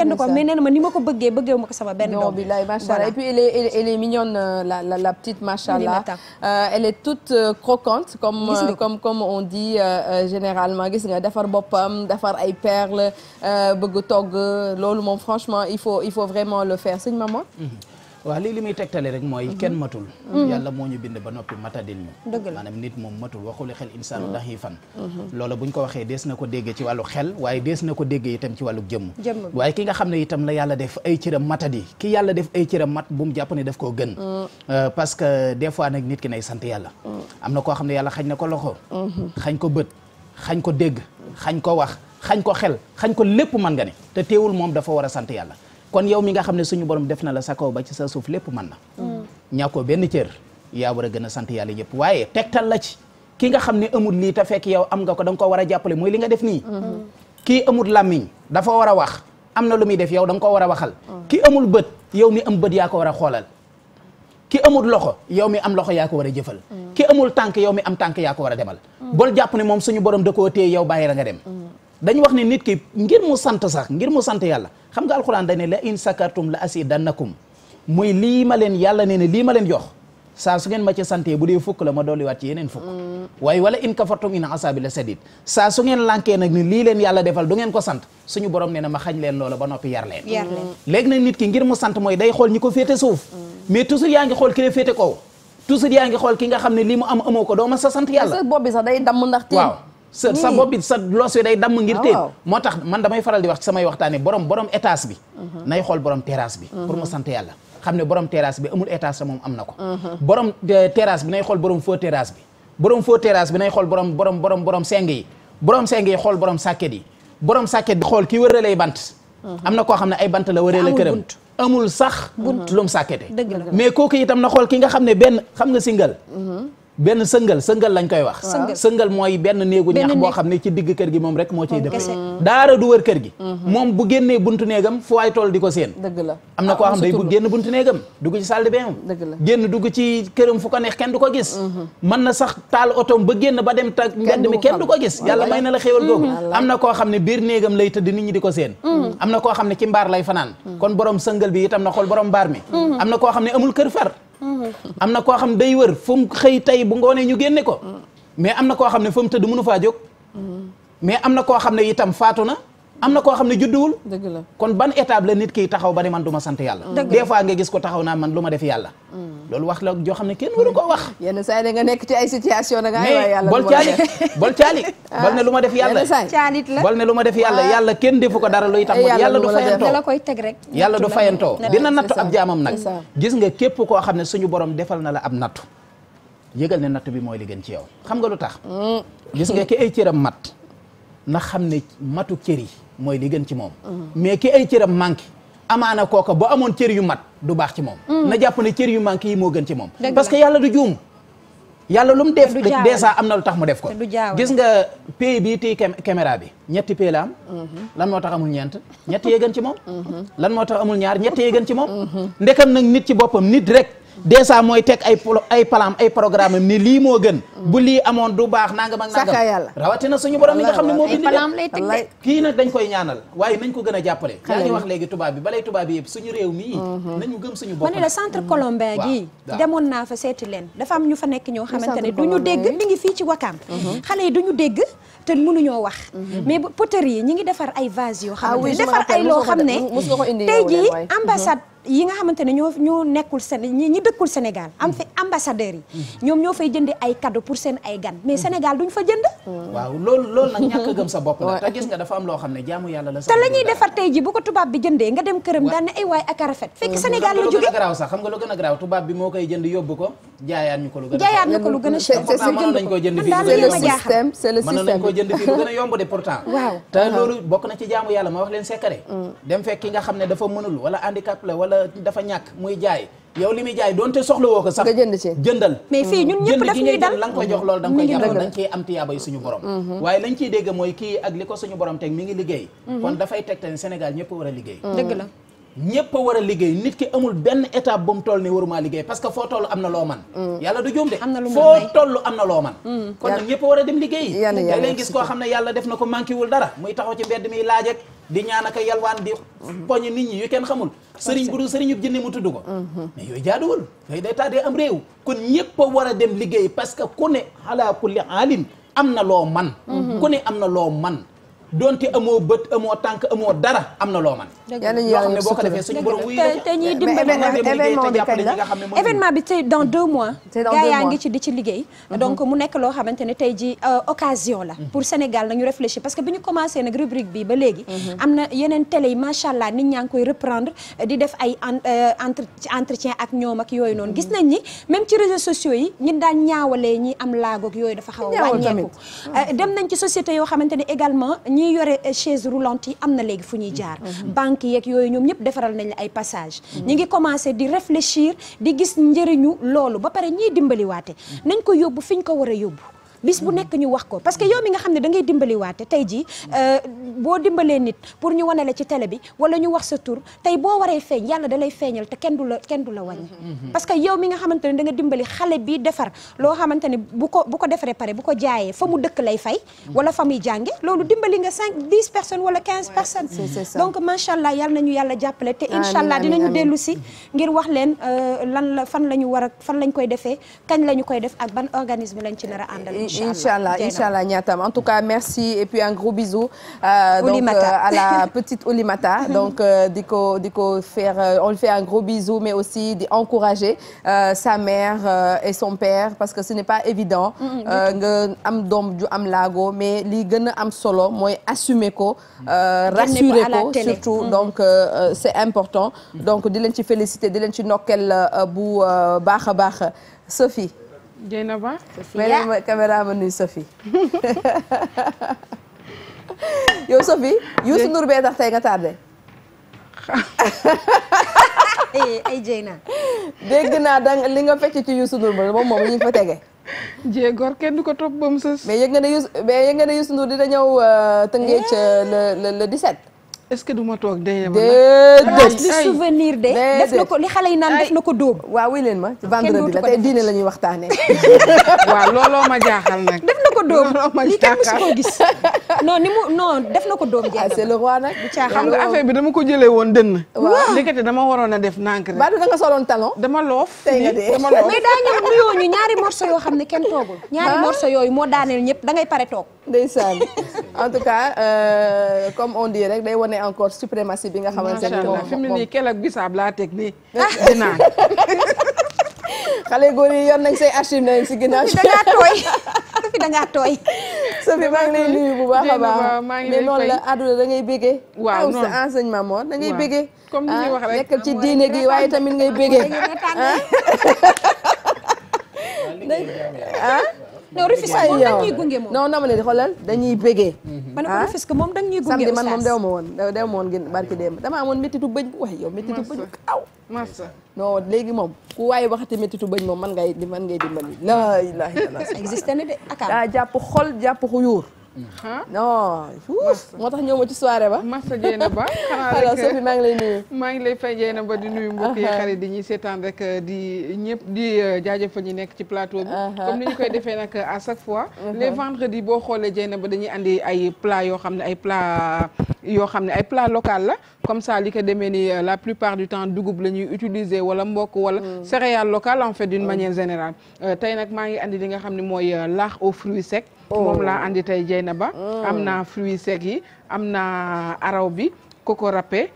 benn doom billaay macha allah et puis elle est elle, elle est mignonne euh, la la la petite macha allah euh, elle est toute euh, croquante comme euh, comme comme on dit généralement gis nga defar boppam defar ay perles bëgg togg loolu moom franchement il faut il faut vraiment le faire suñ maman mhm. waaw lii li muy tegtale rek mooy kenn matul mhm. yàlla moo ñu bind ba noppi matadil ñu maanaam nit moom matul waxuli xel insaanu mhm. dahifan bu mhm. buñ ko waxee dees na ko déggee ci wàllu xel waaye dees na ko déggee itam ci wàllu jëmm waaye ki nga xam ne itam la yàlla def ay cëram matadi ki yàlla def ay cëram mat bu mu jàpp ne daf koo gën euh, parce que des fois nag nit ki nay sant yàlla am na koo xam ne yàlla xañ na ko loxo xañ ko bët xañ ko dégg xañ ko wax xañ ko xel xañ ko lépp mën ne te teewul moom dafa war a sant yàlla kon yow mi nga xam ne suñu borom def na la sa kaw ba ci sa suuf lépp man na mm. ñàkkoo benn cër yaa war a gën a sant yàlla yëpp waaye tegtal la ci ki nga xam ne amul lii te fekk yow am nga ko danga nga ko war a jàppale mooy li def nii mm-hmm. kii amul làmmiñ dafa war a wax am na lu muy def yow da nga ko war a waxal mm. ki amul bët yow mi am bët yaa ko war a xoolal ki amul loxo yow mi am loxo yaa ko war a jëfal mm. ki amul tànk yow mi am tànk yaa ko war a demal bol jàpp ne moom suñu borom da koo téye yow bàyyi la dem dañ wax ne nit ki ngir mu sant sax ngir mu sant yàlla xam nga alxuraan dañ ne la in sakartum la asidannakum muy lii ma leen yàlla nee ne lii ma leen jox saa su ngeen ma ci sante bu dee fukk la ma dolliwaat ci yeneen fukk mm. waaye wala in kafartum in asabi la sadid saa su nag ni lii leen defal du ngeen ko sant suñu borom nee na ma xañ leen loola ba noppi yar leen mm. léegi nag nit ki ngir mu sant mooy day xool ñi ko féete suuf mm. mais toujours yaa ngi xool ki la nga xam ne lii mu am amoo ko doo ma sa sant sa sa bopp sa loos wi day damm ngir téen ah, moo tax man damay faral di wax ci samay waxtaane borom borom étage bi mhm. nay xool borom terrasse bi pour mhm. ne borom terrasse bi amul étage moom am na ko mhm. borom euh, terrasse bi nay xool borom faux terrasse borom faux terrasse bi nay xool borom borom borom borom seng yi borom seng yi xool borom sàkket yi borom sàkket bi xool kii wëralay bant am na koo xam ne ay bant la wëree la këram amul sax bunt lum sàkkete mais kooku itam na xool ki nga xam ne benn xam nga singal benn sëngal sëngal lañ koy wax sëngal mooy benn néegu ñax boo xam ne ci digg kër gi moom rek moo ciy dëkk mm-hmm. daara du wër kër gi mm-hmm. moom bu génnee buntu néegam fu waay di ko séen dëgg la am na koo ah, xam day bu génn buntu néegam dugg ci salle de bain dëgg la génn dugg ci këram fu ko neex kenn du ko gis mm-hmm. mën na sax taal otoom ba génn ba dem ta mbedd mi kenn du ko gis yàlla may na la xéewal googu am na koo xam ne biir néegam lay tëdd nit ñi di ko seen am na koo xam ne ci mbaar lay fanaan kon borom sëngal bi itam na xool borom mbaar mi am na koo xam ne amul kër far am na koo xam day wër fu mu xëy tey bu ngoonee ñu génne ko mm. mais am na koo xam ne fa mu tëdd mënu faa jóg mm. mais am na koo xam ne itam faatu na am na koo xam ne judduwul dëgg la kon ban étape la nit kiy taxaw ba ne man du ma sant yàlla des fois nga gis ko taxaw naa man lu ma def yàlla mm. loolu wax la joo xam ne kenn waru wax yenn saa yi nga nekk ci ay situation da nga ay yàlla bol caalit bol ah. caalit bol ne lu ma def yàlla ma def yàlla ah. yàlla kenn defu ko dara luy tax yàlla du fayantoo la koy teg rek yàlla du fayantoo dina nattu ab jaamam nag gis nga képp koo xam ne suñu borom defal na la ab nattu yëgal ne natt bi mooy li gën ci yow xam nga lu tax mm. gis nga ki ay cëram mat na xam ne matu cër yi mooy li gën ci moom mm-hmm. mais ki ay cëram manqué amaana kooka boo amoon cër yu mat du baax ci moom mm-hmm. na jàpp ne cër yu manqué yi moo gën ci moom parce que yàlla du juum yàlla lu mu def dèjà am na lu tax mu def ko gis nga pays bii téye caméra bi ñetti pays am mm-hmm. lan moo tax amul ñeent ñetti yee ci moom lan moo tax amul ñaar ñett yee gën ci moom ndekam nag nit ci boppam nit rek dèjà mooy teg ay ay palam ay programme am ni lii moo gën bu lii amoon du baax nangam ak nangam yàlla rawatina suñu borom mi nga xam ne moo bind de kii nag dañ koy ñaanal waaye nañ ko gën a jàppale yaa ngi wax léegi tubaab bi balay tubaab bi yëpp suñu réew mii mhm. nañu gëm suñu bopp ma ne la centre colombin gii demoon naa fa seeti leen dafa am ñu fa nekk ñoo xamante ne duñu dégg mi ngi fii ci wakaam mhm. xale yi duñu dégg te mënuñoo wax mhm. mais poterie yi ñi ngi defar ay vase yoo ah xam ne defar ay loo xam ne tey jii ambassade yi nga xamante ne ñoo ñoo nekkul seen ñi dëkkul Sénégal am fi ambassadeurs yi mm-hmm. ñoom ñoo fay jënde ay cadeau pour seen ay gan mais mm-hmm. Sénégal duñ fa jënd mm-hmm. waaw loolu loolu a te gis dafa am loo xam ne jaamu yàlla la te la ñuy defar tey ji bu ko tubaab bi jëndee nga dem këram daan ay waay ak a rafet fekk Sénégal la jóge a garaaw sax xam nga lu gën a garaaw tubaab bi moo koy jënd yóbbu ko jaayaat ñu ko lu gën a jaayaat ñu ko lu gën a cher jaamu yàlla ma wax leen secret mm. dem fekk ki nga xam ne dafa mënul wala handicap la wala wala dafa ñàkk muy jaay yow li muy jaay donte soxla woo ko sax nga jëndal mais fii ñun ñëpp daf ñuy dal la nga jox loolu da koy jàpp da nga ciy am tiyaabay suñu borom mhm. waaye lañ ciy dégg mooy kii ak li ko suñu borom teg mi ngi liggéey mhm. kon dafay tegtal Sénégal ñëpp war a liggéey mhm. dëgg la ñëpp a war a liggéey nit ki amul benn étape ba mu toll ni waruma liggéey parce que foo toll am na loo man mm. yàlla du juum de foo toll am na loo man mm. kon nag a war a dem liggéey da leen gis koo xam ne yàlla def ko manqué wul dara muy taxaw ci mbedd mi laaj ak di ñaan ak yalwaan di mm-hmm. poñ ñi kenn xamul sëriñ bu dul sëriñub jinne mu tudd ko mm-hmm. mais yooyu jaaduwul yooyu day tax dee am réew kon ñëpp a war a dem liggéey parce que ku ne ala kulli aalim am na loo man mm-hmm. ku ne am na loo man donte amoo bët amoo tànk amoo dara am na loo man yoo xam ne boo ko la te ñuy dimbali événement bi kañ la événement bi tey dans deux mois gaa yaa ngi ci di ci liggéey mhm. donc mu nekk loo xamante tey ji euh, occasion la mhm. pour Sénégal nañu réfléchir parce que bi ñu commencé nag rubrique bi ba léegi mhm. am na yeneen télé yi macha allah nit ñaa ngi koy reprendre di def ay euh, entretien ak ñoom ak yooyu noonu gis nañ ni même ci réseaux sociaux yi ñi daan ñaawalee ñi am laagoog yooyu dafa xaw a wàññeeku euh, dem yoo xamante ne également ñiy yore chaise roulante yi am na léegi fu ñuy mm-hmm. jaar mm-hmm. banque yeeg yooyu ñoom ñëpp defaral nañ ay passage mm-hmm. ñi ngi commencé di réfléchir di gis njëriñu loolu ba pare ñiy dimbaliwaate nañ ko yóbbu fi ñu ko war a yóbbu bis bu nekk ñu wax ko parce que yow mi nga xam ne dangay ngay dimbaliwaate tey jii euh, boo dimbalee nit pour ñu wane la ci télé bi wala ñu wax sa tur tey boo waree feeñ yàlla dalay feeñal te kenn du la kenn du la wàññi mm-hmm. parce que yow mi nga xamante ne da nga dimbali xale bi defar loo xamante ne bu ko bu ko defaree pare bu ko jaayee fa mu dëkk lay fay mm-hmm. wala fa muy jànge loolu dimbali nga cinq dix personnes wala quinze personnes donc macha allah yàlla nañu yàlla jàppale te incha allah dinañu dellu si ngir wax leen euh, lan la fan la ñu war a fan lañ koy defee kañ la ñu koy def ak ban organisme lañ ci nar a àndal incha allah incha allah ñaatam en tout cas merci et puis un gros bisou. Euh, donc euh, à la petite Oulimata donc euh, di ko di ko faire euh, on lui fait un gros bisou mais aussi di encourager euh, sa mère et son père parce que ce n'est pas évident. nga am doom ju am laago mais li gën a am solo mooy assumer ko. Mm. rassurer ko surtout mm. donc c'est important. Mm. donc di leen ci féliciter di leen ci nokkel bu baax a baax Sophie. Dieynaba. Sophia mais nag ma caméra ma nuyu Sophie. yow Sophie. Youssou Ndour bee tax tey nga eh, ay Dieyna. dégg naa danga li nga fecc ci Youssou Ndour ba moom moom ñu ngi fa tege. Dieye gor kenn du ko topp ba mu sës. mais yëg nga ne Youssou mais yëg nga ne Youssou Ndour dina ñëw euh, Tëngéej euh, le le le est-ce que du toog dee. déedéet li souvenir def na ko li xale yi naan def na ko dóom. waaw wuy leen ma ci vendredi la tey diine la ñuy waxtaanee. waaw looloo ma jaaxal nag. def na ko dóom lii kenn musu koo gis. non ni def na ko dóom jeex ah, c'est le roi nag. bu dama ko jëlee woon dënn. dama waroon a def nank rek. baadu da nga soloon talon. dama loof. tey nga dee dama yoo xam ne kenn toogul. ñaari ah. moo daaneel ñëpp da ngay pare toog. ndeysaan en euh, rek wane encore suprématie bi nga xamante ne moom fi mu nii kel ak bisaab laa teg nii dinaa xale góor yi yor nañ say archive nañ si ginnaaw si dangaa tooy fi dangaa tooy Sophie maa ngi lay nuyu bu baax a baax mais noonu la àdduna da ngay bégee waaw sa enseignement moo da ngay bégee comme ni wax ah, rek nekkal ci diine gi waaye tamit ngay bégee ah non Rufisque moom da ñuy gunge moom non dama ne xoolal dañuy bégee. ma ne ah? ko Rufisque moom da ñuy gunge. man moom dew ma woon dew ma woon gën barki démb dama amoon méttitu bëñ wax yow méttitu bëñ aw non léegi moom ku waaye waxati méttitu bëñ moom man ngay di ngay dimbali la ilaha illallah existé na de akam daa jàpp xol jàpp non moo tax ñëw ci soirée ba. Massa Diena Ba xanaa rek alors Sophie maa ngi lay nuyu. maa ngi lay fay Diena Ba di nuyu mbokk xarit di ñuy seetaan rek euh, di ñëpp di euh, jaajëfal ñi nekk ci plateau bi. comme ni ñu koy defee nag à chaque fois. les vendredis boo xoolee Diena Ba dañuy andi ay plat yoo xam ne ay plat yoo xam ne ay plat local la. comme ça li ko demee ni euh, la plupart du temps dugub la ñuy utiliser wala mbokk wala mm. céréales locales en fait d'une mm. manière générale euh, tey nag maa ngi andi li nga xam ne mooy euh, laax aux fruits secs oh. moom laa andi tey ba mm. am naa fruits secs yi am naa araw bi coco râpé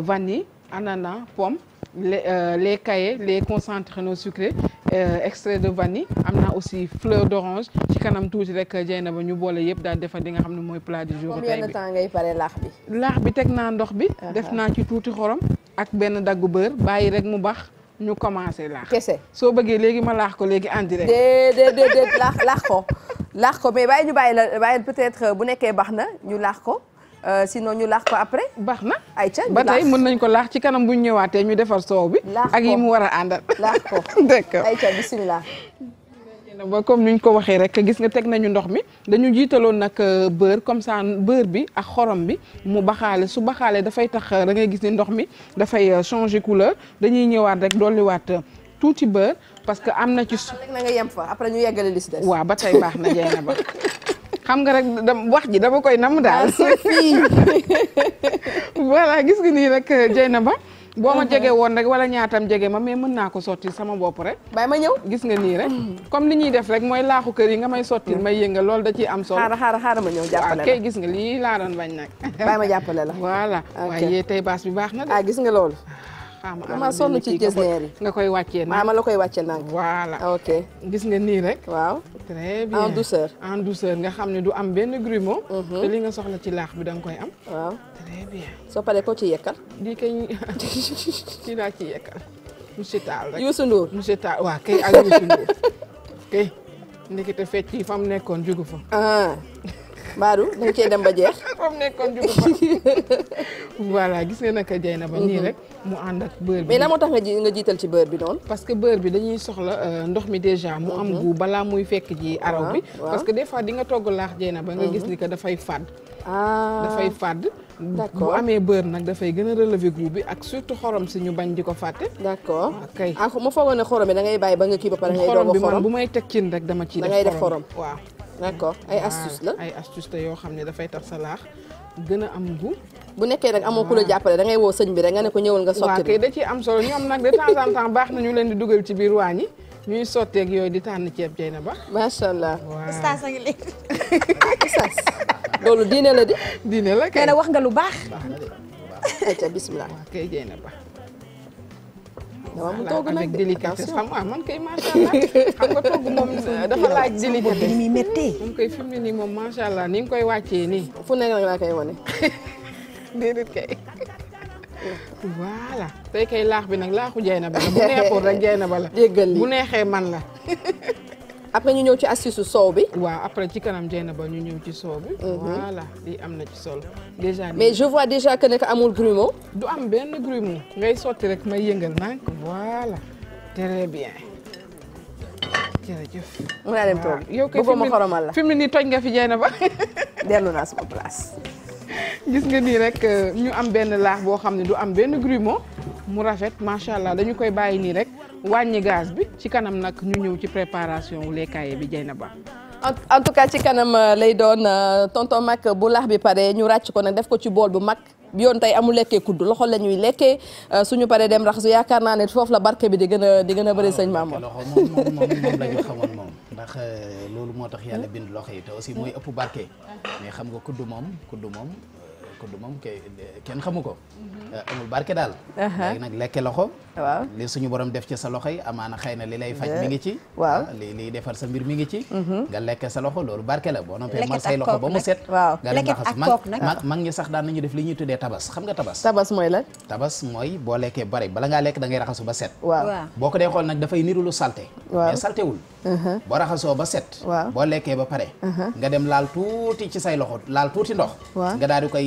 vanille ananas pomme les euh, les caillés les concentrés non sucrés euh, extrait de vanille am naa aussi fleur d'orange ci kanam tuuti rek jey euh, na ba ñu boole yëpp daal defar di nga xam ne mooy plat du jour. tey bi laax bi. laax bi teg naa ndox bi. def naa ci tuuti xorom. ak benn daggu beurre bàyyi rek mu baax. ñu commencé laax. kese soo bëggee léegi ma laax ko léegi en direct. déedéet laax laax ko laax ko bàyyi ñu bàyyi la bàyyi peut-être euh, bu nekkee baax na ñu laax ko. Euh, sinon ñu laax ko après. baax na ay ca ba tey mën nañ ko laax ci kanam bu ñu ñëwaatee ñu defar soow bi. ak yi mu war a àndal. laax ko d'accord ay ca ba comme ni ñu ko waxee rek gis nga teg nañu ndox mi dañu jiitaloon nag euh, beurre comme ça beurre bi ak xorom bi mu baxaale su baxaale dafay tax euh, da ngay gis ni ndox mi dafay changer couleur dañuy ñëwaat rek dolliwaat tuuti beurre parce que am na ci. su na nga yem après ñu yeggale li si ba tey baax na jeex na ba. xam nga rek da wax ji dama koy nam daal. Ah, voilà gis nga nii rek euh, na ba boo ma uh-huh. jege woon rek wala ñaatam jege ma mais mën naa ko sotti sama bopp rek. bàyyi ma ñëw gis nga nii rek. Mm. comme li ñuy def rek mooy laaxu kër yi nga may sotti mm. may yëngal loolu da ci am solo. xaaral ma ñëw jàppale la waaw kay gis nga lii laa doon bañ nag. bàyyi ma jàppale la. voilà waaye tey baas bi baax na de. ah gis nga loolu. Ah. xaama amaa sonn ci gesneer yi nga koy wàccee naa ma la koy wàccee nag voilà ok gis nga nii rek waaw très bien en douceur nga xam ne du am benn grumeau mhm. te li nga soxla ci laax bi danga koy am waaw soo paree ko ci yekkal di kay kii laa ci yekkal monsieur Tall rek Youssou Ndour monsieur Tall waa kay ak Youssou Ndour kay ndekete fecc yi fa mu nekkoon jugu fa ah. Badou dañ cee dem ba jeex. comme nekkoon jugu voilà gis nga naka jay na ba nii mhm. rek. mu ànd ak beurre bi mais la moo tax nga ji nga jiital ci beurre bi noonu. parce que beurre bi dañuy soxla euh, ndox mi déjà. mu am mhm. goût balaa muy fekk ji araw bi. parce que des fois di nga togg laax jay na ba nga gis mhm. ni que dafay fàdd. Ah. dafay fàdd. d'accord bu amee beurre nag dafay gën a relever goût bi ak surtout xorom si ñu bañ di ko fàtte. d'accord ah, kay ah ma foogoon ne xorom bi da ngay bàyyi ba nga kii ba pare. a xorom bi man bu may teg cin rek dama ciy def xorom waaw d'accord ay astuce la ay astuce la yoo xam ne dafay tax sa gën a am gu bu nekkee rek amoo ku la jàppale da ngay woo sëñ bi rek nga ne ko ñëwal nga sotti waaw kay da ciy am solo ñoom nag de temps en temps baax na ñu leen di dugal ci biir waañ yi ñuy sotteeg yooyu di tànn ceeb jay ba macha allah ustaas a ngi léegi ah, ustaas loolu diine la di diine la kay nee wax nga lu baax ayca bismillah kay jay na ba dama mu nag délication xam nga man kay macha allah xam nga togg moom euh, dafa laaj délicat moom koy fi nii moom macha allah ni nga koy wàccee nii fu nekk laa koy wane déedéet kay voilà tey kay laax bi nag laaxu jay na bala bu neexul rek jay na bala jéggal bu neexee man la après ñu ñëw ci astuce soow bi. waaw après ci kanam na ba ñu ñëw ci soow bi. Mhm. voilà lii am na ci sol déjà. mais je vois déjà que nekk amul grumeau. du am benn grumeau ngay sotti rek may yëngal nag voilà très bien. jërëjëf. mën naa dem toog yow kay fi mu ni toj nga fi jënd ba. dellu naa sama place. gis nga nii rek euh, ñu am benn laax boo xam ne du am benn grumeau mu rafet macha allah dañu koy bàyyi nii rek wàññi gaz bi ci kanam nag ñu ñëw ci préparation wu lekkaay bi jay na ba en tout cas ci kanam euh, lay doon euh, tonton mag bu laax bi pare ñu ràcc ko nag def ko ci bool bu mag bi yoon tey amul lekkee kudd loxo la ñuy lekkee suñu paree dem raxasu yaakaar naa ne foofu la barke bi di gën a di gën a bëri sëñ Mamour loxo ndax euh, loolu moo tax yàlla bind loxo yi te aussi mooy ëpp barke. mais xam nga kudd moom kudd moom euh, kudd moom kay kenn xamu ko. Mhm. Euh, amul barke daal. Uh-huh. léegi nag lekke loxo. waaw li suñu borom def ci sa loxo yi amaana xëy na li lay faj mi ngi ci. waaw ah, li liy defar sa mbir mi ngi ci. Mhm. nga lekke sa loxo loolu barke la boo noppee mar say loxo ba mu set. waaw lekket ak kook nag mag mag ñi sax daan nañu def tabas xam nga tabas. tabas mooy lan. tabas boo lekkee bari bala ngaa lekk da ngay raxasu ba set. waaw boo ko dee xool nag dafay niru lu salté. waaw Uh-huh. boo raxasoo ba set. waaw boo lekkee ba pare. Uh-huh. nga dem laal tuuti ci say loxo laal tuuti ndox. waaw nga daal di koy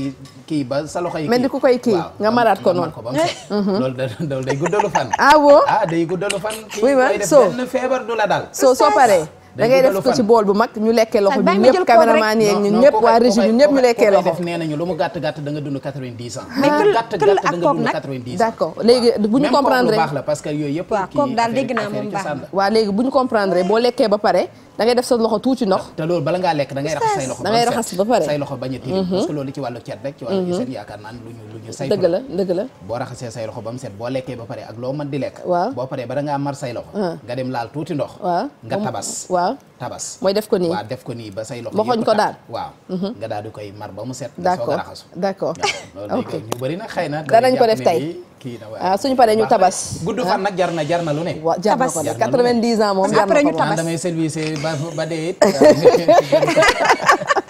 kii ba sa loxo yi. mel ni ku koy kii nga maraat ko noonu. Uh-huh. loolu da loolu day guddalu fan. ah woo ah day guddalu fan. oui ma soo feebar du la daal. soo soo paree. da ngay def ko ci bool bu mag ñu lekkee loxo ñun ñëpp caméraman yi ñun ñëpp waa régie ñun ñëpp ñu lekkee loxo def nee nañu lu mu gàtt gàtt da nga dund 90 ans mais gàtt gàtt da nga léegi bu ñu baax la que yooyu yëpp waaw léegi bu ñu comprendre boo lekkee ba pare dangay def sa loxo tuuti ndox te loolu bala ngaa lekk da ngay raxas say loxo da ngay raxas ba pare say loxo bañ a tilim mhm. parce que loolu ci wàllu cet rek ci wàllu set mhm. yaakaar naan lu ñu say dëgg boo raxasee say loxo ba mu set boo lekkee ba pare ak loo mën di lekk waaw boo paree ba da ngaa mar say loxo ah. nga dem laal tuuti ndox waaw nga tabas waaw tabas mooy def ko nii waaw def ko nii ba say loxo moxoñ ko daal waaw mhm. nga daal di koy mar ba mu set nga soog a raxasu d'accord ok ñu bëri nag xëy ko def tey kii na ah, tabas gudd fan nag jar na jar lu ne waaw jar na ko ans moom jar na ba dee it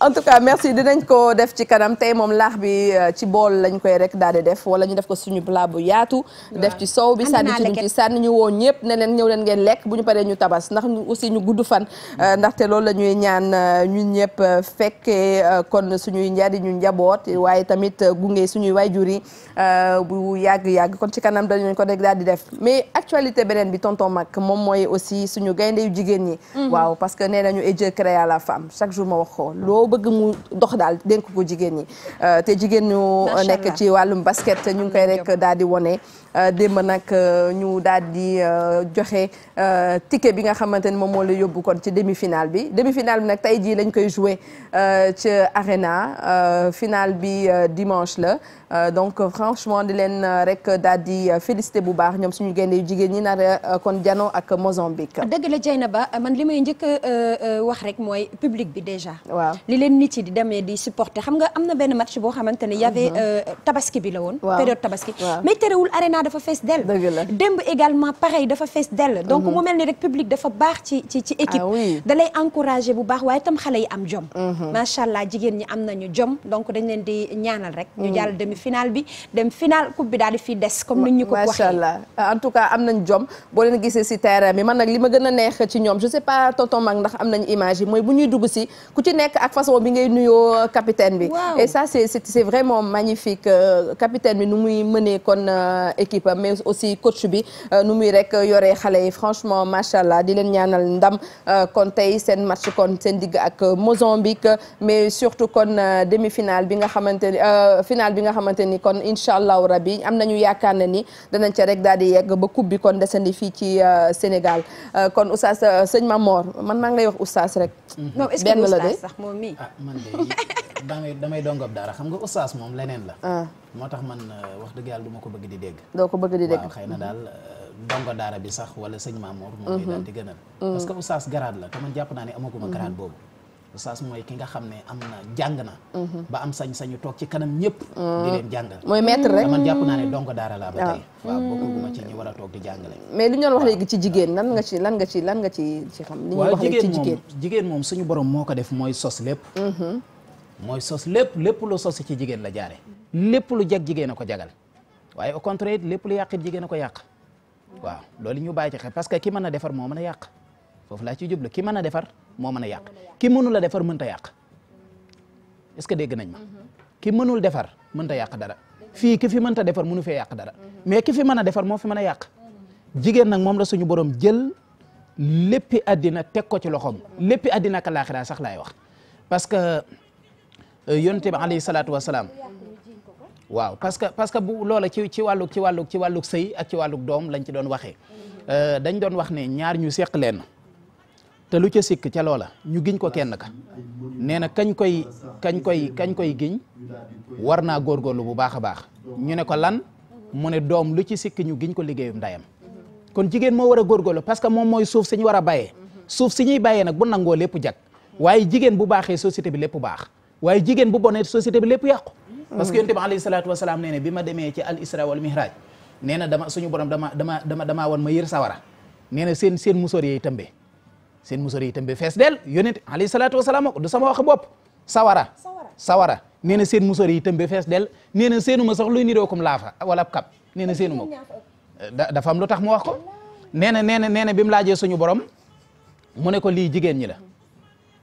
en tout cas merci dinañ ko def ci kanam tey moom laax bi euh, ci bool lañ koy rek daal di def wala ñu def ko suñu plat bu yaatu. def ci sow bi sànni ci ñu ci sànni ñu woo ñëpp ne leen ñëw leen ngeen lekk bu ñu paree ñu tabas ndax aussi ñu gudd fan. Euh, ndaxte loolu la ñuy ñaan euh, ñu ñëpp fekkee kon suñuy njariñ ñu njaboot waaye tamit gunge suñuy waajur yi bu yàgg yàgg kon ci kanam dañu ko rek daal di def mais actualité beneen bi tonton Mag moom mooy aussi suñu gaynde yu jigéen ñi. Mm-hmm. waaw parce que nee nañu et Dieu créa femme chaque jour ma wax ko loo bëgg mu dox daal dénk ko jigéen ñi euh, te jigéen ñu nekk ci wàllum basket ñu ngi koy rek daal di wone Euh, démb nag euh, ñu daal di euh, joxe ticket bi nga xamante ni moom moo la yóbbu kon ci demi-finale bi demi-finale bi nag tey jii lañ koy jouer ci arena final bi dimanche la donc franchement di leen rek daal di félicité bu baax ñoom suñu gaynde yu jigéen ñi nar kon jano ak Mozambique. dëgg la ba man li may njëkk wax rek mooy public bi déjà. waaw li leen nit yi di demee di supporter xam nga am na benn match boo xamante ne y avait mm-hmm. tabaski bi la woon. période tabaski mais terewul dafa fees dell démb également pareil dafa fees dell donc mhm. mu mel ni rek public dafa baax ci ci équipe ah da lay bu baax waaye tam xale yi am jom mhm. macha allah jigéen ñi am nañu jom donc dañ leen di ñaanal rek ñu mhm. jàll demi finale bi dem finale coupe bi daal di fii des comme ni ñu ko waxee macha allah ah, en tout cas am nañ jom boo leen gisee si terrain bi man nag li ma gën a neex ci ñoom je sais pas tonton mag ndax am nañ image mooy bu ñuy dugg si bi ngay nuyoo bi et ça c'est c'est vraiment équipe mais aussi coach bi euh, nu muy rek euh, yoree xale yi franchement macha allah di leen ñaanal ndam euh, kon tey seen match kon seen digg ak Mozambique mais surtout kon demi-finale bi nga xamante ni finale bi nga xamante ni kon incha allahu rabi am na ñu yaakaar ne ni danañ ca rek daal di yegg ba coupe bi kon desandi fii ci Sénégal kon oustaz sëñ Mamor man maa ngi lay wax oustaz rek. Mhm. non est-ce que sax moom mii. Ah, man de damay damay dongab dara xam nga oustaz moom leneen la. Ah. moo tax man euh, wax dëgg yàlla du ma ko bëgg di dégg. doo ko bëgg di dégg xëy na daal euh, ndongo daara bi sax wala sëñ Mamour. moom lay mhm. daal di gënal. Mhm. parce que oustaz garaad la te man jàpp naa ne amaguma mhm. garaad boobu. oustaz mooy ki nga xam ne am na jàng na. ba am sañ-sañu toog ci kanam ñëpp. di leen jàngal mooy maître rek. man jàpp naa ne dongo daara laa ba tey. waaw bokkuma ci ñi war a toog di jàngale. mais li ñu wax léegi ci jigéen lan nga ci lan nga ci lan nga ci ci xam. li ñuy wax léegi jigéen moom suñu borom moo ko def mooy sos lépp. mooy sos lépp lépp lu sos ci jigéen la jaare lépp lu jag jigéen ko jagal waaye au lépp lu yàq jigéen a ko yàq waaw loolu ñu bàyyi ci xel parce que ki mën a defar moo mën a yàq foofu laa ci jublu ki mën a defar moo mën a yàq ki mënul a defar mënta yàq est que dégg nañ ma mm-hmm. ki mënul defar mënta yàq dara fii ki fi mënta defar mënu fee yàq dara mais ki fi mën a defar moo fi mën a yàq jigéen nag moom la suñu borom jël léppi àddina teg ko ci loxoom léppi àddina ak laaxira sax laay wax parce que euh, yonent bi alayhi salaatu wa salaam waaw parce que parce que bu loola ci ci wàllug ci wàllug ci wàllug sëy a ci wàllug doom lañ ci doon waxee euh, dañ doon wax ne ñaar ñu seq leen te lu ca sikk ca loola ñu giñ ko kenn ka nee na kañ koy kañ koy kañ koy giñ war naa góorgóorlu bu baax a baax ñu ne ko lan mu ne doom lu ci sikk ñu giñ ko liggéeyum dayam kon jigéen moo war a góorgóorlu parce que moom mooy suuf si ñu war a bayee suuf si ñuy bayee nag bu nangoo lépp jag waaye jigéen bu baaxee société bi lépp baax waaye jigéen bu bonee société bi lépp yàqu parce que yonent bi alayhi salaatu wasalaam nee ne bi ma demee ci al isra wal mihraj nee na dama suñu borom dama dama dama damaa wan ma yër sawara nee na seen seen musóor yi tëmbe seen musóor yi tëmbe fees del yonent alayhi salaatu wasalaam du sama wax bopp sawara sawara nee na seen musóor yi tëmbe fees del nee na seenu ma sax luy niroo kom laafa wala ab kap na seenu ma eh, dafa am lu tax mu wax ko nee na nee na nee na bi mu laajee suñu borom mu ne ko lii jigéen ñi la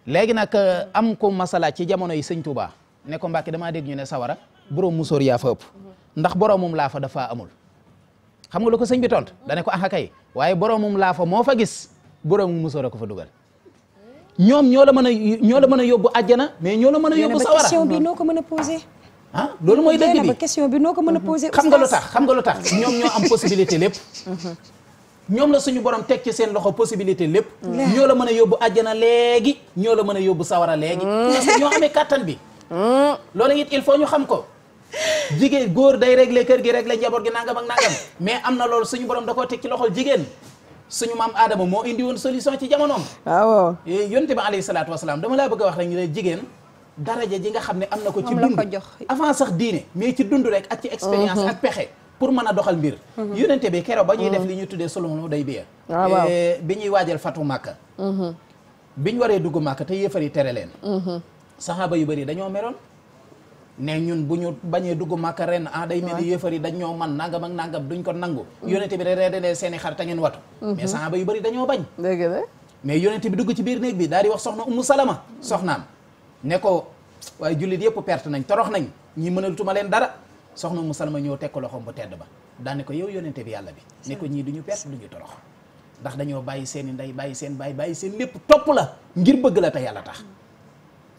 léegi nag eh, am ko masala ci jamono yi sëñ Tuubaa ne ko Mbàkke damaa dégg ñu ne sawara borom musóor yaa fa ëpp ndax boromum laa fa dafaa amul xam nga lu ko sëñ bi tont dane ko axa kay waaye boromum laa fa moo fa gis boromum musóor ko fa dugal ñoom ñoo la mën a ñoo la mën a yóbbu àjjana mais ñoo la mën a yóbbu sawara question bi noo ko mën a posé ah, loolu mooy dëgg bi question bi noo ko mën a posé xam nga lu tax xam nga lu tax ñoom ñoo am possibilité lépp ñoom la suñu borom teg ci seen loxo possibilité lépp ñoo la mën a yóbbu àjjana léegi ñoo la mën a yóbbu sawara léegi mm. ñoo amee kàttan bi Hmm. loolu it il faut ñu xam ko jigéen góor day réglé kër gi réglé njaboot gi nangam ak nangam mais am na loolu suñu borom da koo teg ci loxol jigéen suñu maam aadama moo indi woon solution ci jamonoom. Ah, waaw eh, yonte ba alayhi salaatu wasalaam dama laa bëgg wax rek ñu ne jigéen. daraja ji nga xam ne am na ko ci dund avant sax diine mais ci dund rek ak ci expérience mhm. ak pexe pour mën a doxal mbir mhm. yonente bi keroog ba ñuy def mhm. li ñuy tuddee solonu day biya ah, eh, bi ñuy waajal fatu màkka bi ñu waree dugg màkka te yéefar yi tere leen saxaaba yu bëri dañoo meloon ne ñun bu ñu bañee dugg màkka ren ah day mel ni yéefar yi dañ ñoo man nangam ak nangam duñ ko nangu mm. yonente bi rek ne seeni xar ta ngeen watu mm-hmm. mais saxaaba yu bëri dañoo bañ mais yonente bi dugg ci biir néeg bi daal di wax soxna umu salama soxnaam ne ko waaye jullit yëpp perte nañ torox nañ ñi mënalutuma leen dara soxna umu salama ñëw tekku ko loxoom bu tedd ba daane ko yow yonente bi yàlla bi ne ko ñii duñu perte duñu torox ndax dañoo bàyyi seen i ndey bàyyi seen bàyyi bàyyi seen lépp topp la ngir bëgg la te yàlla tax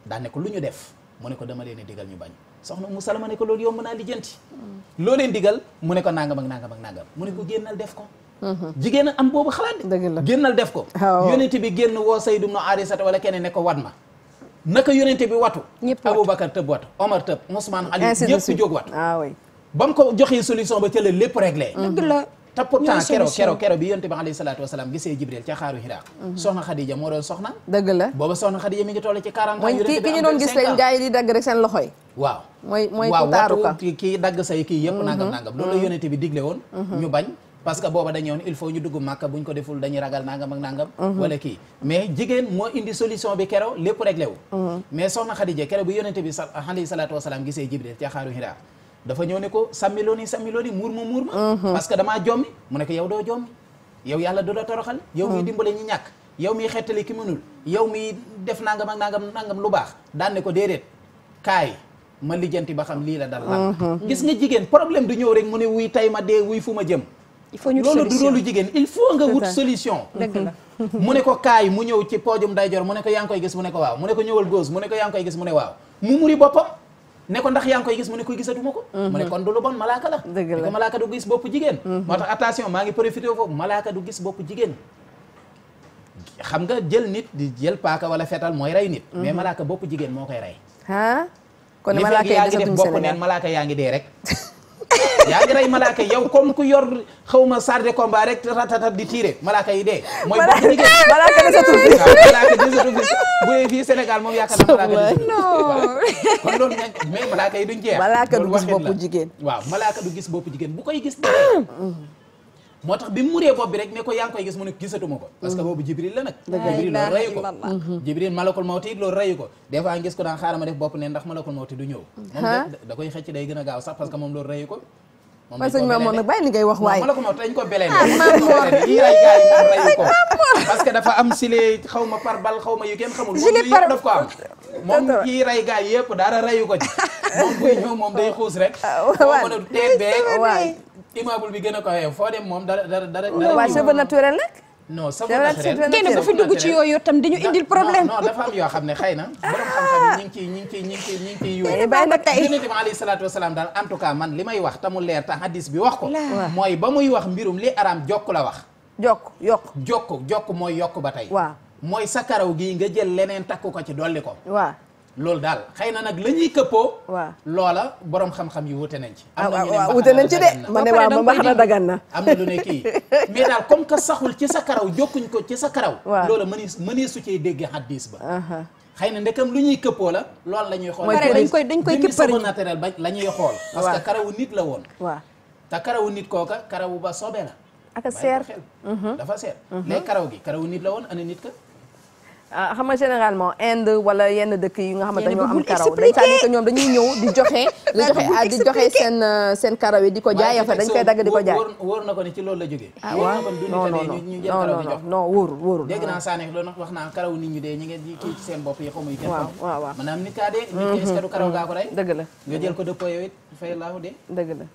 daan ko lu ñu def mu ne ko dama leen digal ñu bañ soxna mu salama ne ko loolu yomb naa lijjanti mm. loo leen digal mu ne ko nangam ak nangam ak nangam mu ne ko génnal def ko mm-hmm. jigéen am boobu xalaat de génnal def ko oh. yonente bi génn woo na no Arisata wala keneen ne ko wat ma naka yonente bi watu Aboubacar tëb watu Omar tëb Ousmane Ali ñëpp jóg watu ah ba mu ko joxee solution ba ca la lépp réglé mm-hmm. dëgg la te pourtant kero kero bi yonte bi alayhi salaatu wasalaam gisee Jibril ca xaaru Hira mm-hmm. soxna Khadija moo doon soxna dëgg la booba soxna Khadija mi ngi toll ci dagg rek kii dagg say kii yëpp mm-hmm. nangam nangam loolu mm-hmm. yonente bi digle woon ñu bañ parce que booba dañoon kii mais jigéen moo indi solution bi kero lépp réglé mais soxna Khadija kero bi yonente bi alayhi salaatu wasalaam gisee Jibril ca xaaru Hira dafa ñëw ne ko sàmmiloo nii sàmmiloo nii muur ma muur ma uh-huh. parce que damaa jommi mu ne ko yow doo jommi yow yàlla du la toroxal yow miy uh-huh. dimbale ñi ñàkk yow miy xettali ki mënul yow miy def nangam ak nangam nangam lu baax daan ne ko déedéet kaay ma lijjanti ba xam lii la dal la uh-huh. gis jigéen problème du ñëw rek mu ne wuy tay ma dee wuy fu ma jëm il faut jigéen il faut nga wut solution dëgg la mu ne ko mu ñëw ci poojum day jor mu ne ko yaa ngi koy gis mu ne ko waaw mu ne ko ñëwal góos mu ne ko yaa ngi koy gis mu ne waaw mu muri boppam ne ko ndax yaa ngi koy gis mu ne koy gisatuma ko mu mhm. ne kon du lu bon malaaka la ne ko malaaka du gis bopp jigéen mhm. moo tax attention maa ngi profité foofu malaaka du gis bopp jigéen xam nga jël nit di jël paaka wala fetal mooy rey nit mais mhm. malaaka bopp jigéen moo koy rey ah kon malaaka yi yaa ngi malaaka yaa ngi dee rek yaa ngi malaaka yi yow comme ku yor xawma sarde combat rek ratata di tiire malaaka yi de mooy bokk liggéey malaaka desatul fi malaaka fi Sénégal moom yaakaar malaaka desatul kon loolu mais malaaka yi duñ jeex malaaka du gis boppu jigéen waaw malaaka du gis boppu jigéen bu koy gis moo tax bi mu muree bopp bi rek ne ko yaa ngi koy gis mu ne gisatuma ko parce que mm-hmm. boobu jibril nag jibril loolu ko mm-hmm. jibril moom da koy xëcc day gën a gaaw sax parce que moom loolu rayu ko ko moom rayu ah, dafa am gilet xaw ma par bal xaw ma yu kenn xamul gilet par daf ko am moom kii ray gaay yëpp dara rayu ko ci moom buy ñëw moom day xuus rek moo ah, mën a teet bee immeuble bi gën a kawe foo dem moom dara dara dara. waa cheveux naturel nag. non cheveux naturel kenn ku fi dugg ci yooyu tam di ñu indil problème. non dafa am yoo xam ne xëy na. borom xam-xam yi ñu ngi ciy ñu ngi ciy ñu ngi ciy ñu ngi ciy yóbbu. bàyyi na salaatu wasalaam daal en tout cas man li may wax te mu leer te hadis bi wax ko. mooy ba muy wax mbirum li araam jokk la wax. jokk yokk jokk jokk mooy yokk ba tey. waaw mooy sa karaw gii nga jël leneen takku ko ci dolli ko. waaw loolu daal xëy na nag la ñuy këppoo. waaw loola borom xam-xam yi wute nañ ci. am na ah, ñu ah, wute nañ ci de ma ma xam na dagan na. am na lu ne kii mais saxul ci sa karaw jokkuñ ko ci sa karaw. waaw loola mënees mënees su cee déggee xaddis ba. xëy na ndekam lu ñuy këppoo la loolu la ñuy xool. mooy dañ koy dañ koy kippari sama naturel ba la ñuy xool. parce que karawu nit la woon. waaw te karawu nit kooka karawu ba sobe la. a seer mhm. dafa seer. léegi mhm. karaw gi karawu nit la woon ana nit ka Ah, xam nga généralement Inde wala yenn dëkk yi nga xamante ñoo am karaw c'est-à-dire que ñoom dañuy ñëw di joxe di joxe ah, seen euh, seen karaw yi di ko jaay en fait dañ koy dagg di ko jaay wóor na ko ni ci loolu la jógee ah waaw non non non non wóorul dégg naa Sané loolu wax naa karaw nit ñi dee ñi ngi kii ci seen bopp yi xamuy kenn waaw waaw waaw maanaam nit kaa dee nit ki est-ce que karaw mm-hmm. ko rey mm-hmm. dëgg la nga jël ko dëppoo yow it fay laahu dee dëgg la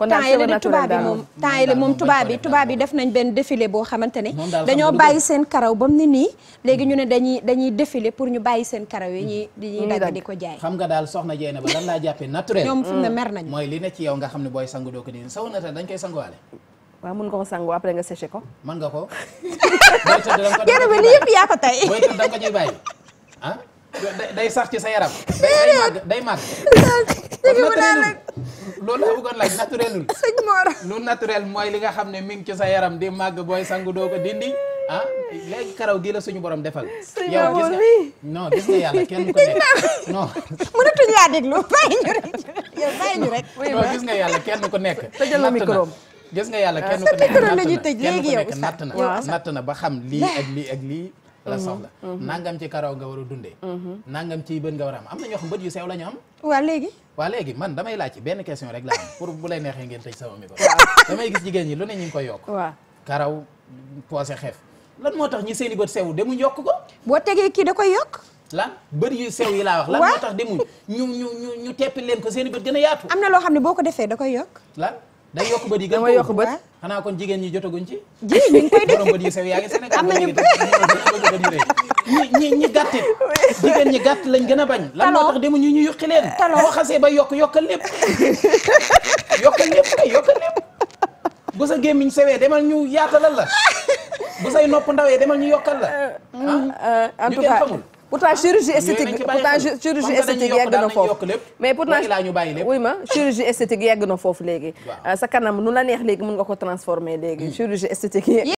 kon daal c'est naturel tubaab yi moom temps yële moom tubaab yi tubaab yi def nañ benn défilé boo xamante ne dañoo bàyyi seen karaw ba mu ne hmm. léegi ñu ne dañuy dañuy défilé pour ñu bàyyi seen karaw yi ñuy di ñuy hmm. dagg di ko jaay xam nga daal soxna Jeene ba lan laa jàppee naturel ñoom fu mu ne mer nañ mooy li ne ci yow nga xam ne booy sangu doo ko di saw naturel dañ koy sanguwaale waaw mën nga ko sangoo après nga séché ko mën nga ko yéen ba li yëpp yaa ko tey booy tëdd da day sax ci sa yaram. day màgg day màgg. loolu laa bëggoon laaj naturelul. sëñ Mor lu naturel mooy li nga xam ne mi ngi ci sa yaram di màgg booy sangu doo ko dindi ah léegi karaw gii la suñu borom defal. yow gis nga non gis nga yàlla kenn ko nekk non. mënatuñ laa gis nga yàlla kenn ku nekk. tëjal la nga yàlla kenn ah, ku natt na ba xam lii ak lii ak lii. la mhm. soxla mhm. nangam ci karaw nga war a dundee mhm. nangam ci bët nga war a am am na ñoo xam bët yu sew la ñu am waa léegi waa léegi man damay laaj ci benn question rek la am bu lay neexee ngeen tëj sama micro damay gis jigéen ñi lu ne ñu yokk waaw karaw poosé lan moo tax ñi seen i bët sew demuñ yokk ko boo tegee kii da koy yokk lan bët yu sew yi laa wax lan moo tax demuñ ñu ñu ñu teppi leen ko seen i bët gën a am na loo xam ne boo ko defee da koy yokk lan day yokk bët yi gën a yokk bët xanaa kon jigéen ñi jotaguñ ci jigéen ñi yaa ngi Sénégal am nañu ñi ñi ñi gàttit jigéen ñi gàtt lañ gën a bañ lan moo tax demu ñu ñu yuqi leen boo xasee ba yokk yokkal lépp yokkal lépp kay yokkal lépp bu sa gémmiñ sewee demal ñu yaatalal la bu say nopp ndawee demal ñu yokkal la euh, ah? euh, en tout cas pourtant ah, chirurgie esthétique pourtant chirurgie esthétique yegg na foofu mais pourtant oui ma chirurgie esthétique yegg na foofu léegi euh, sa kanam nu la neex léegi mën nga ko transformer léegi hmm. chirurgie esthétique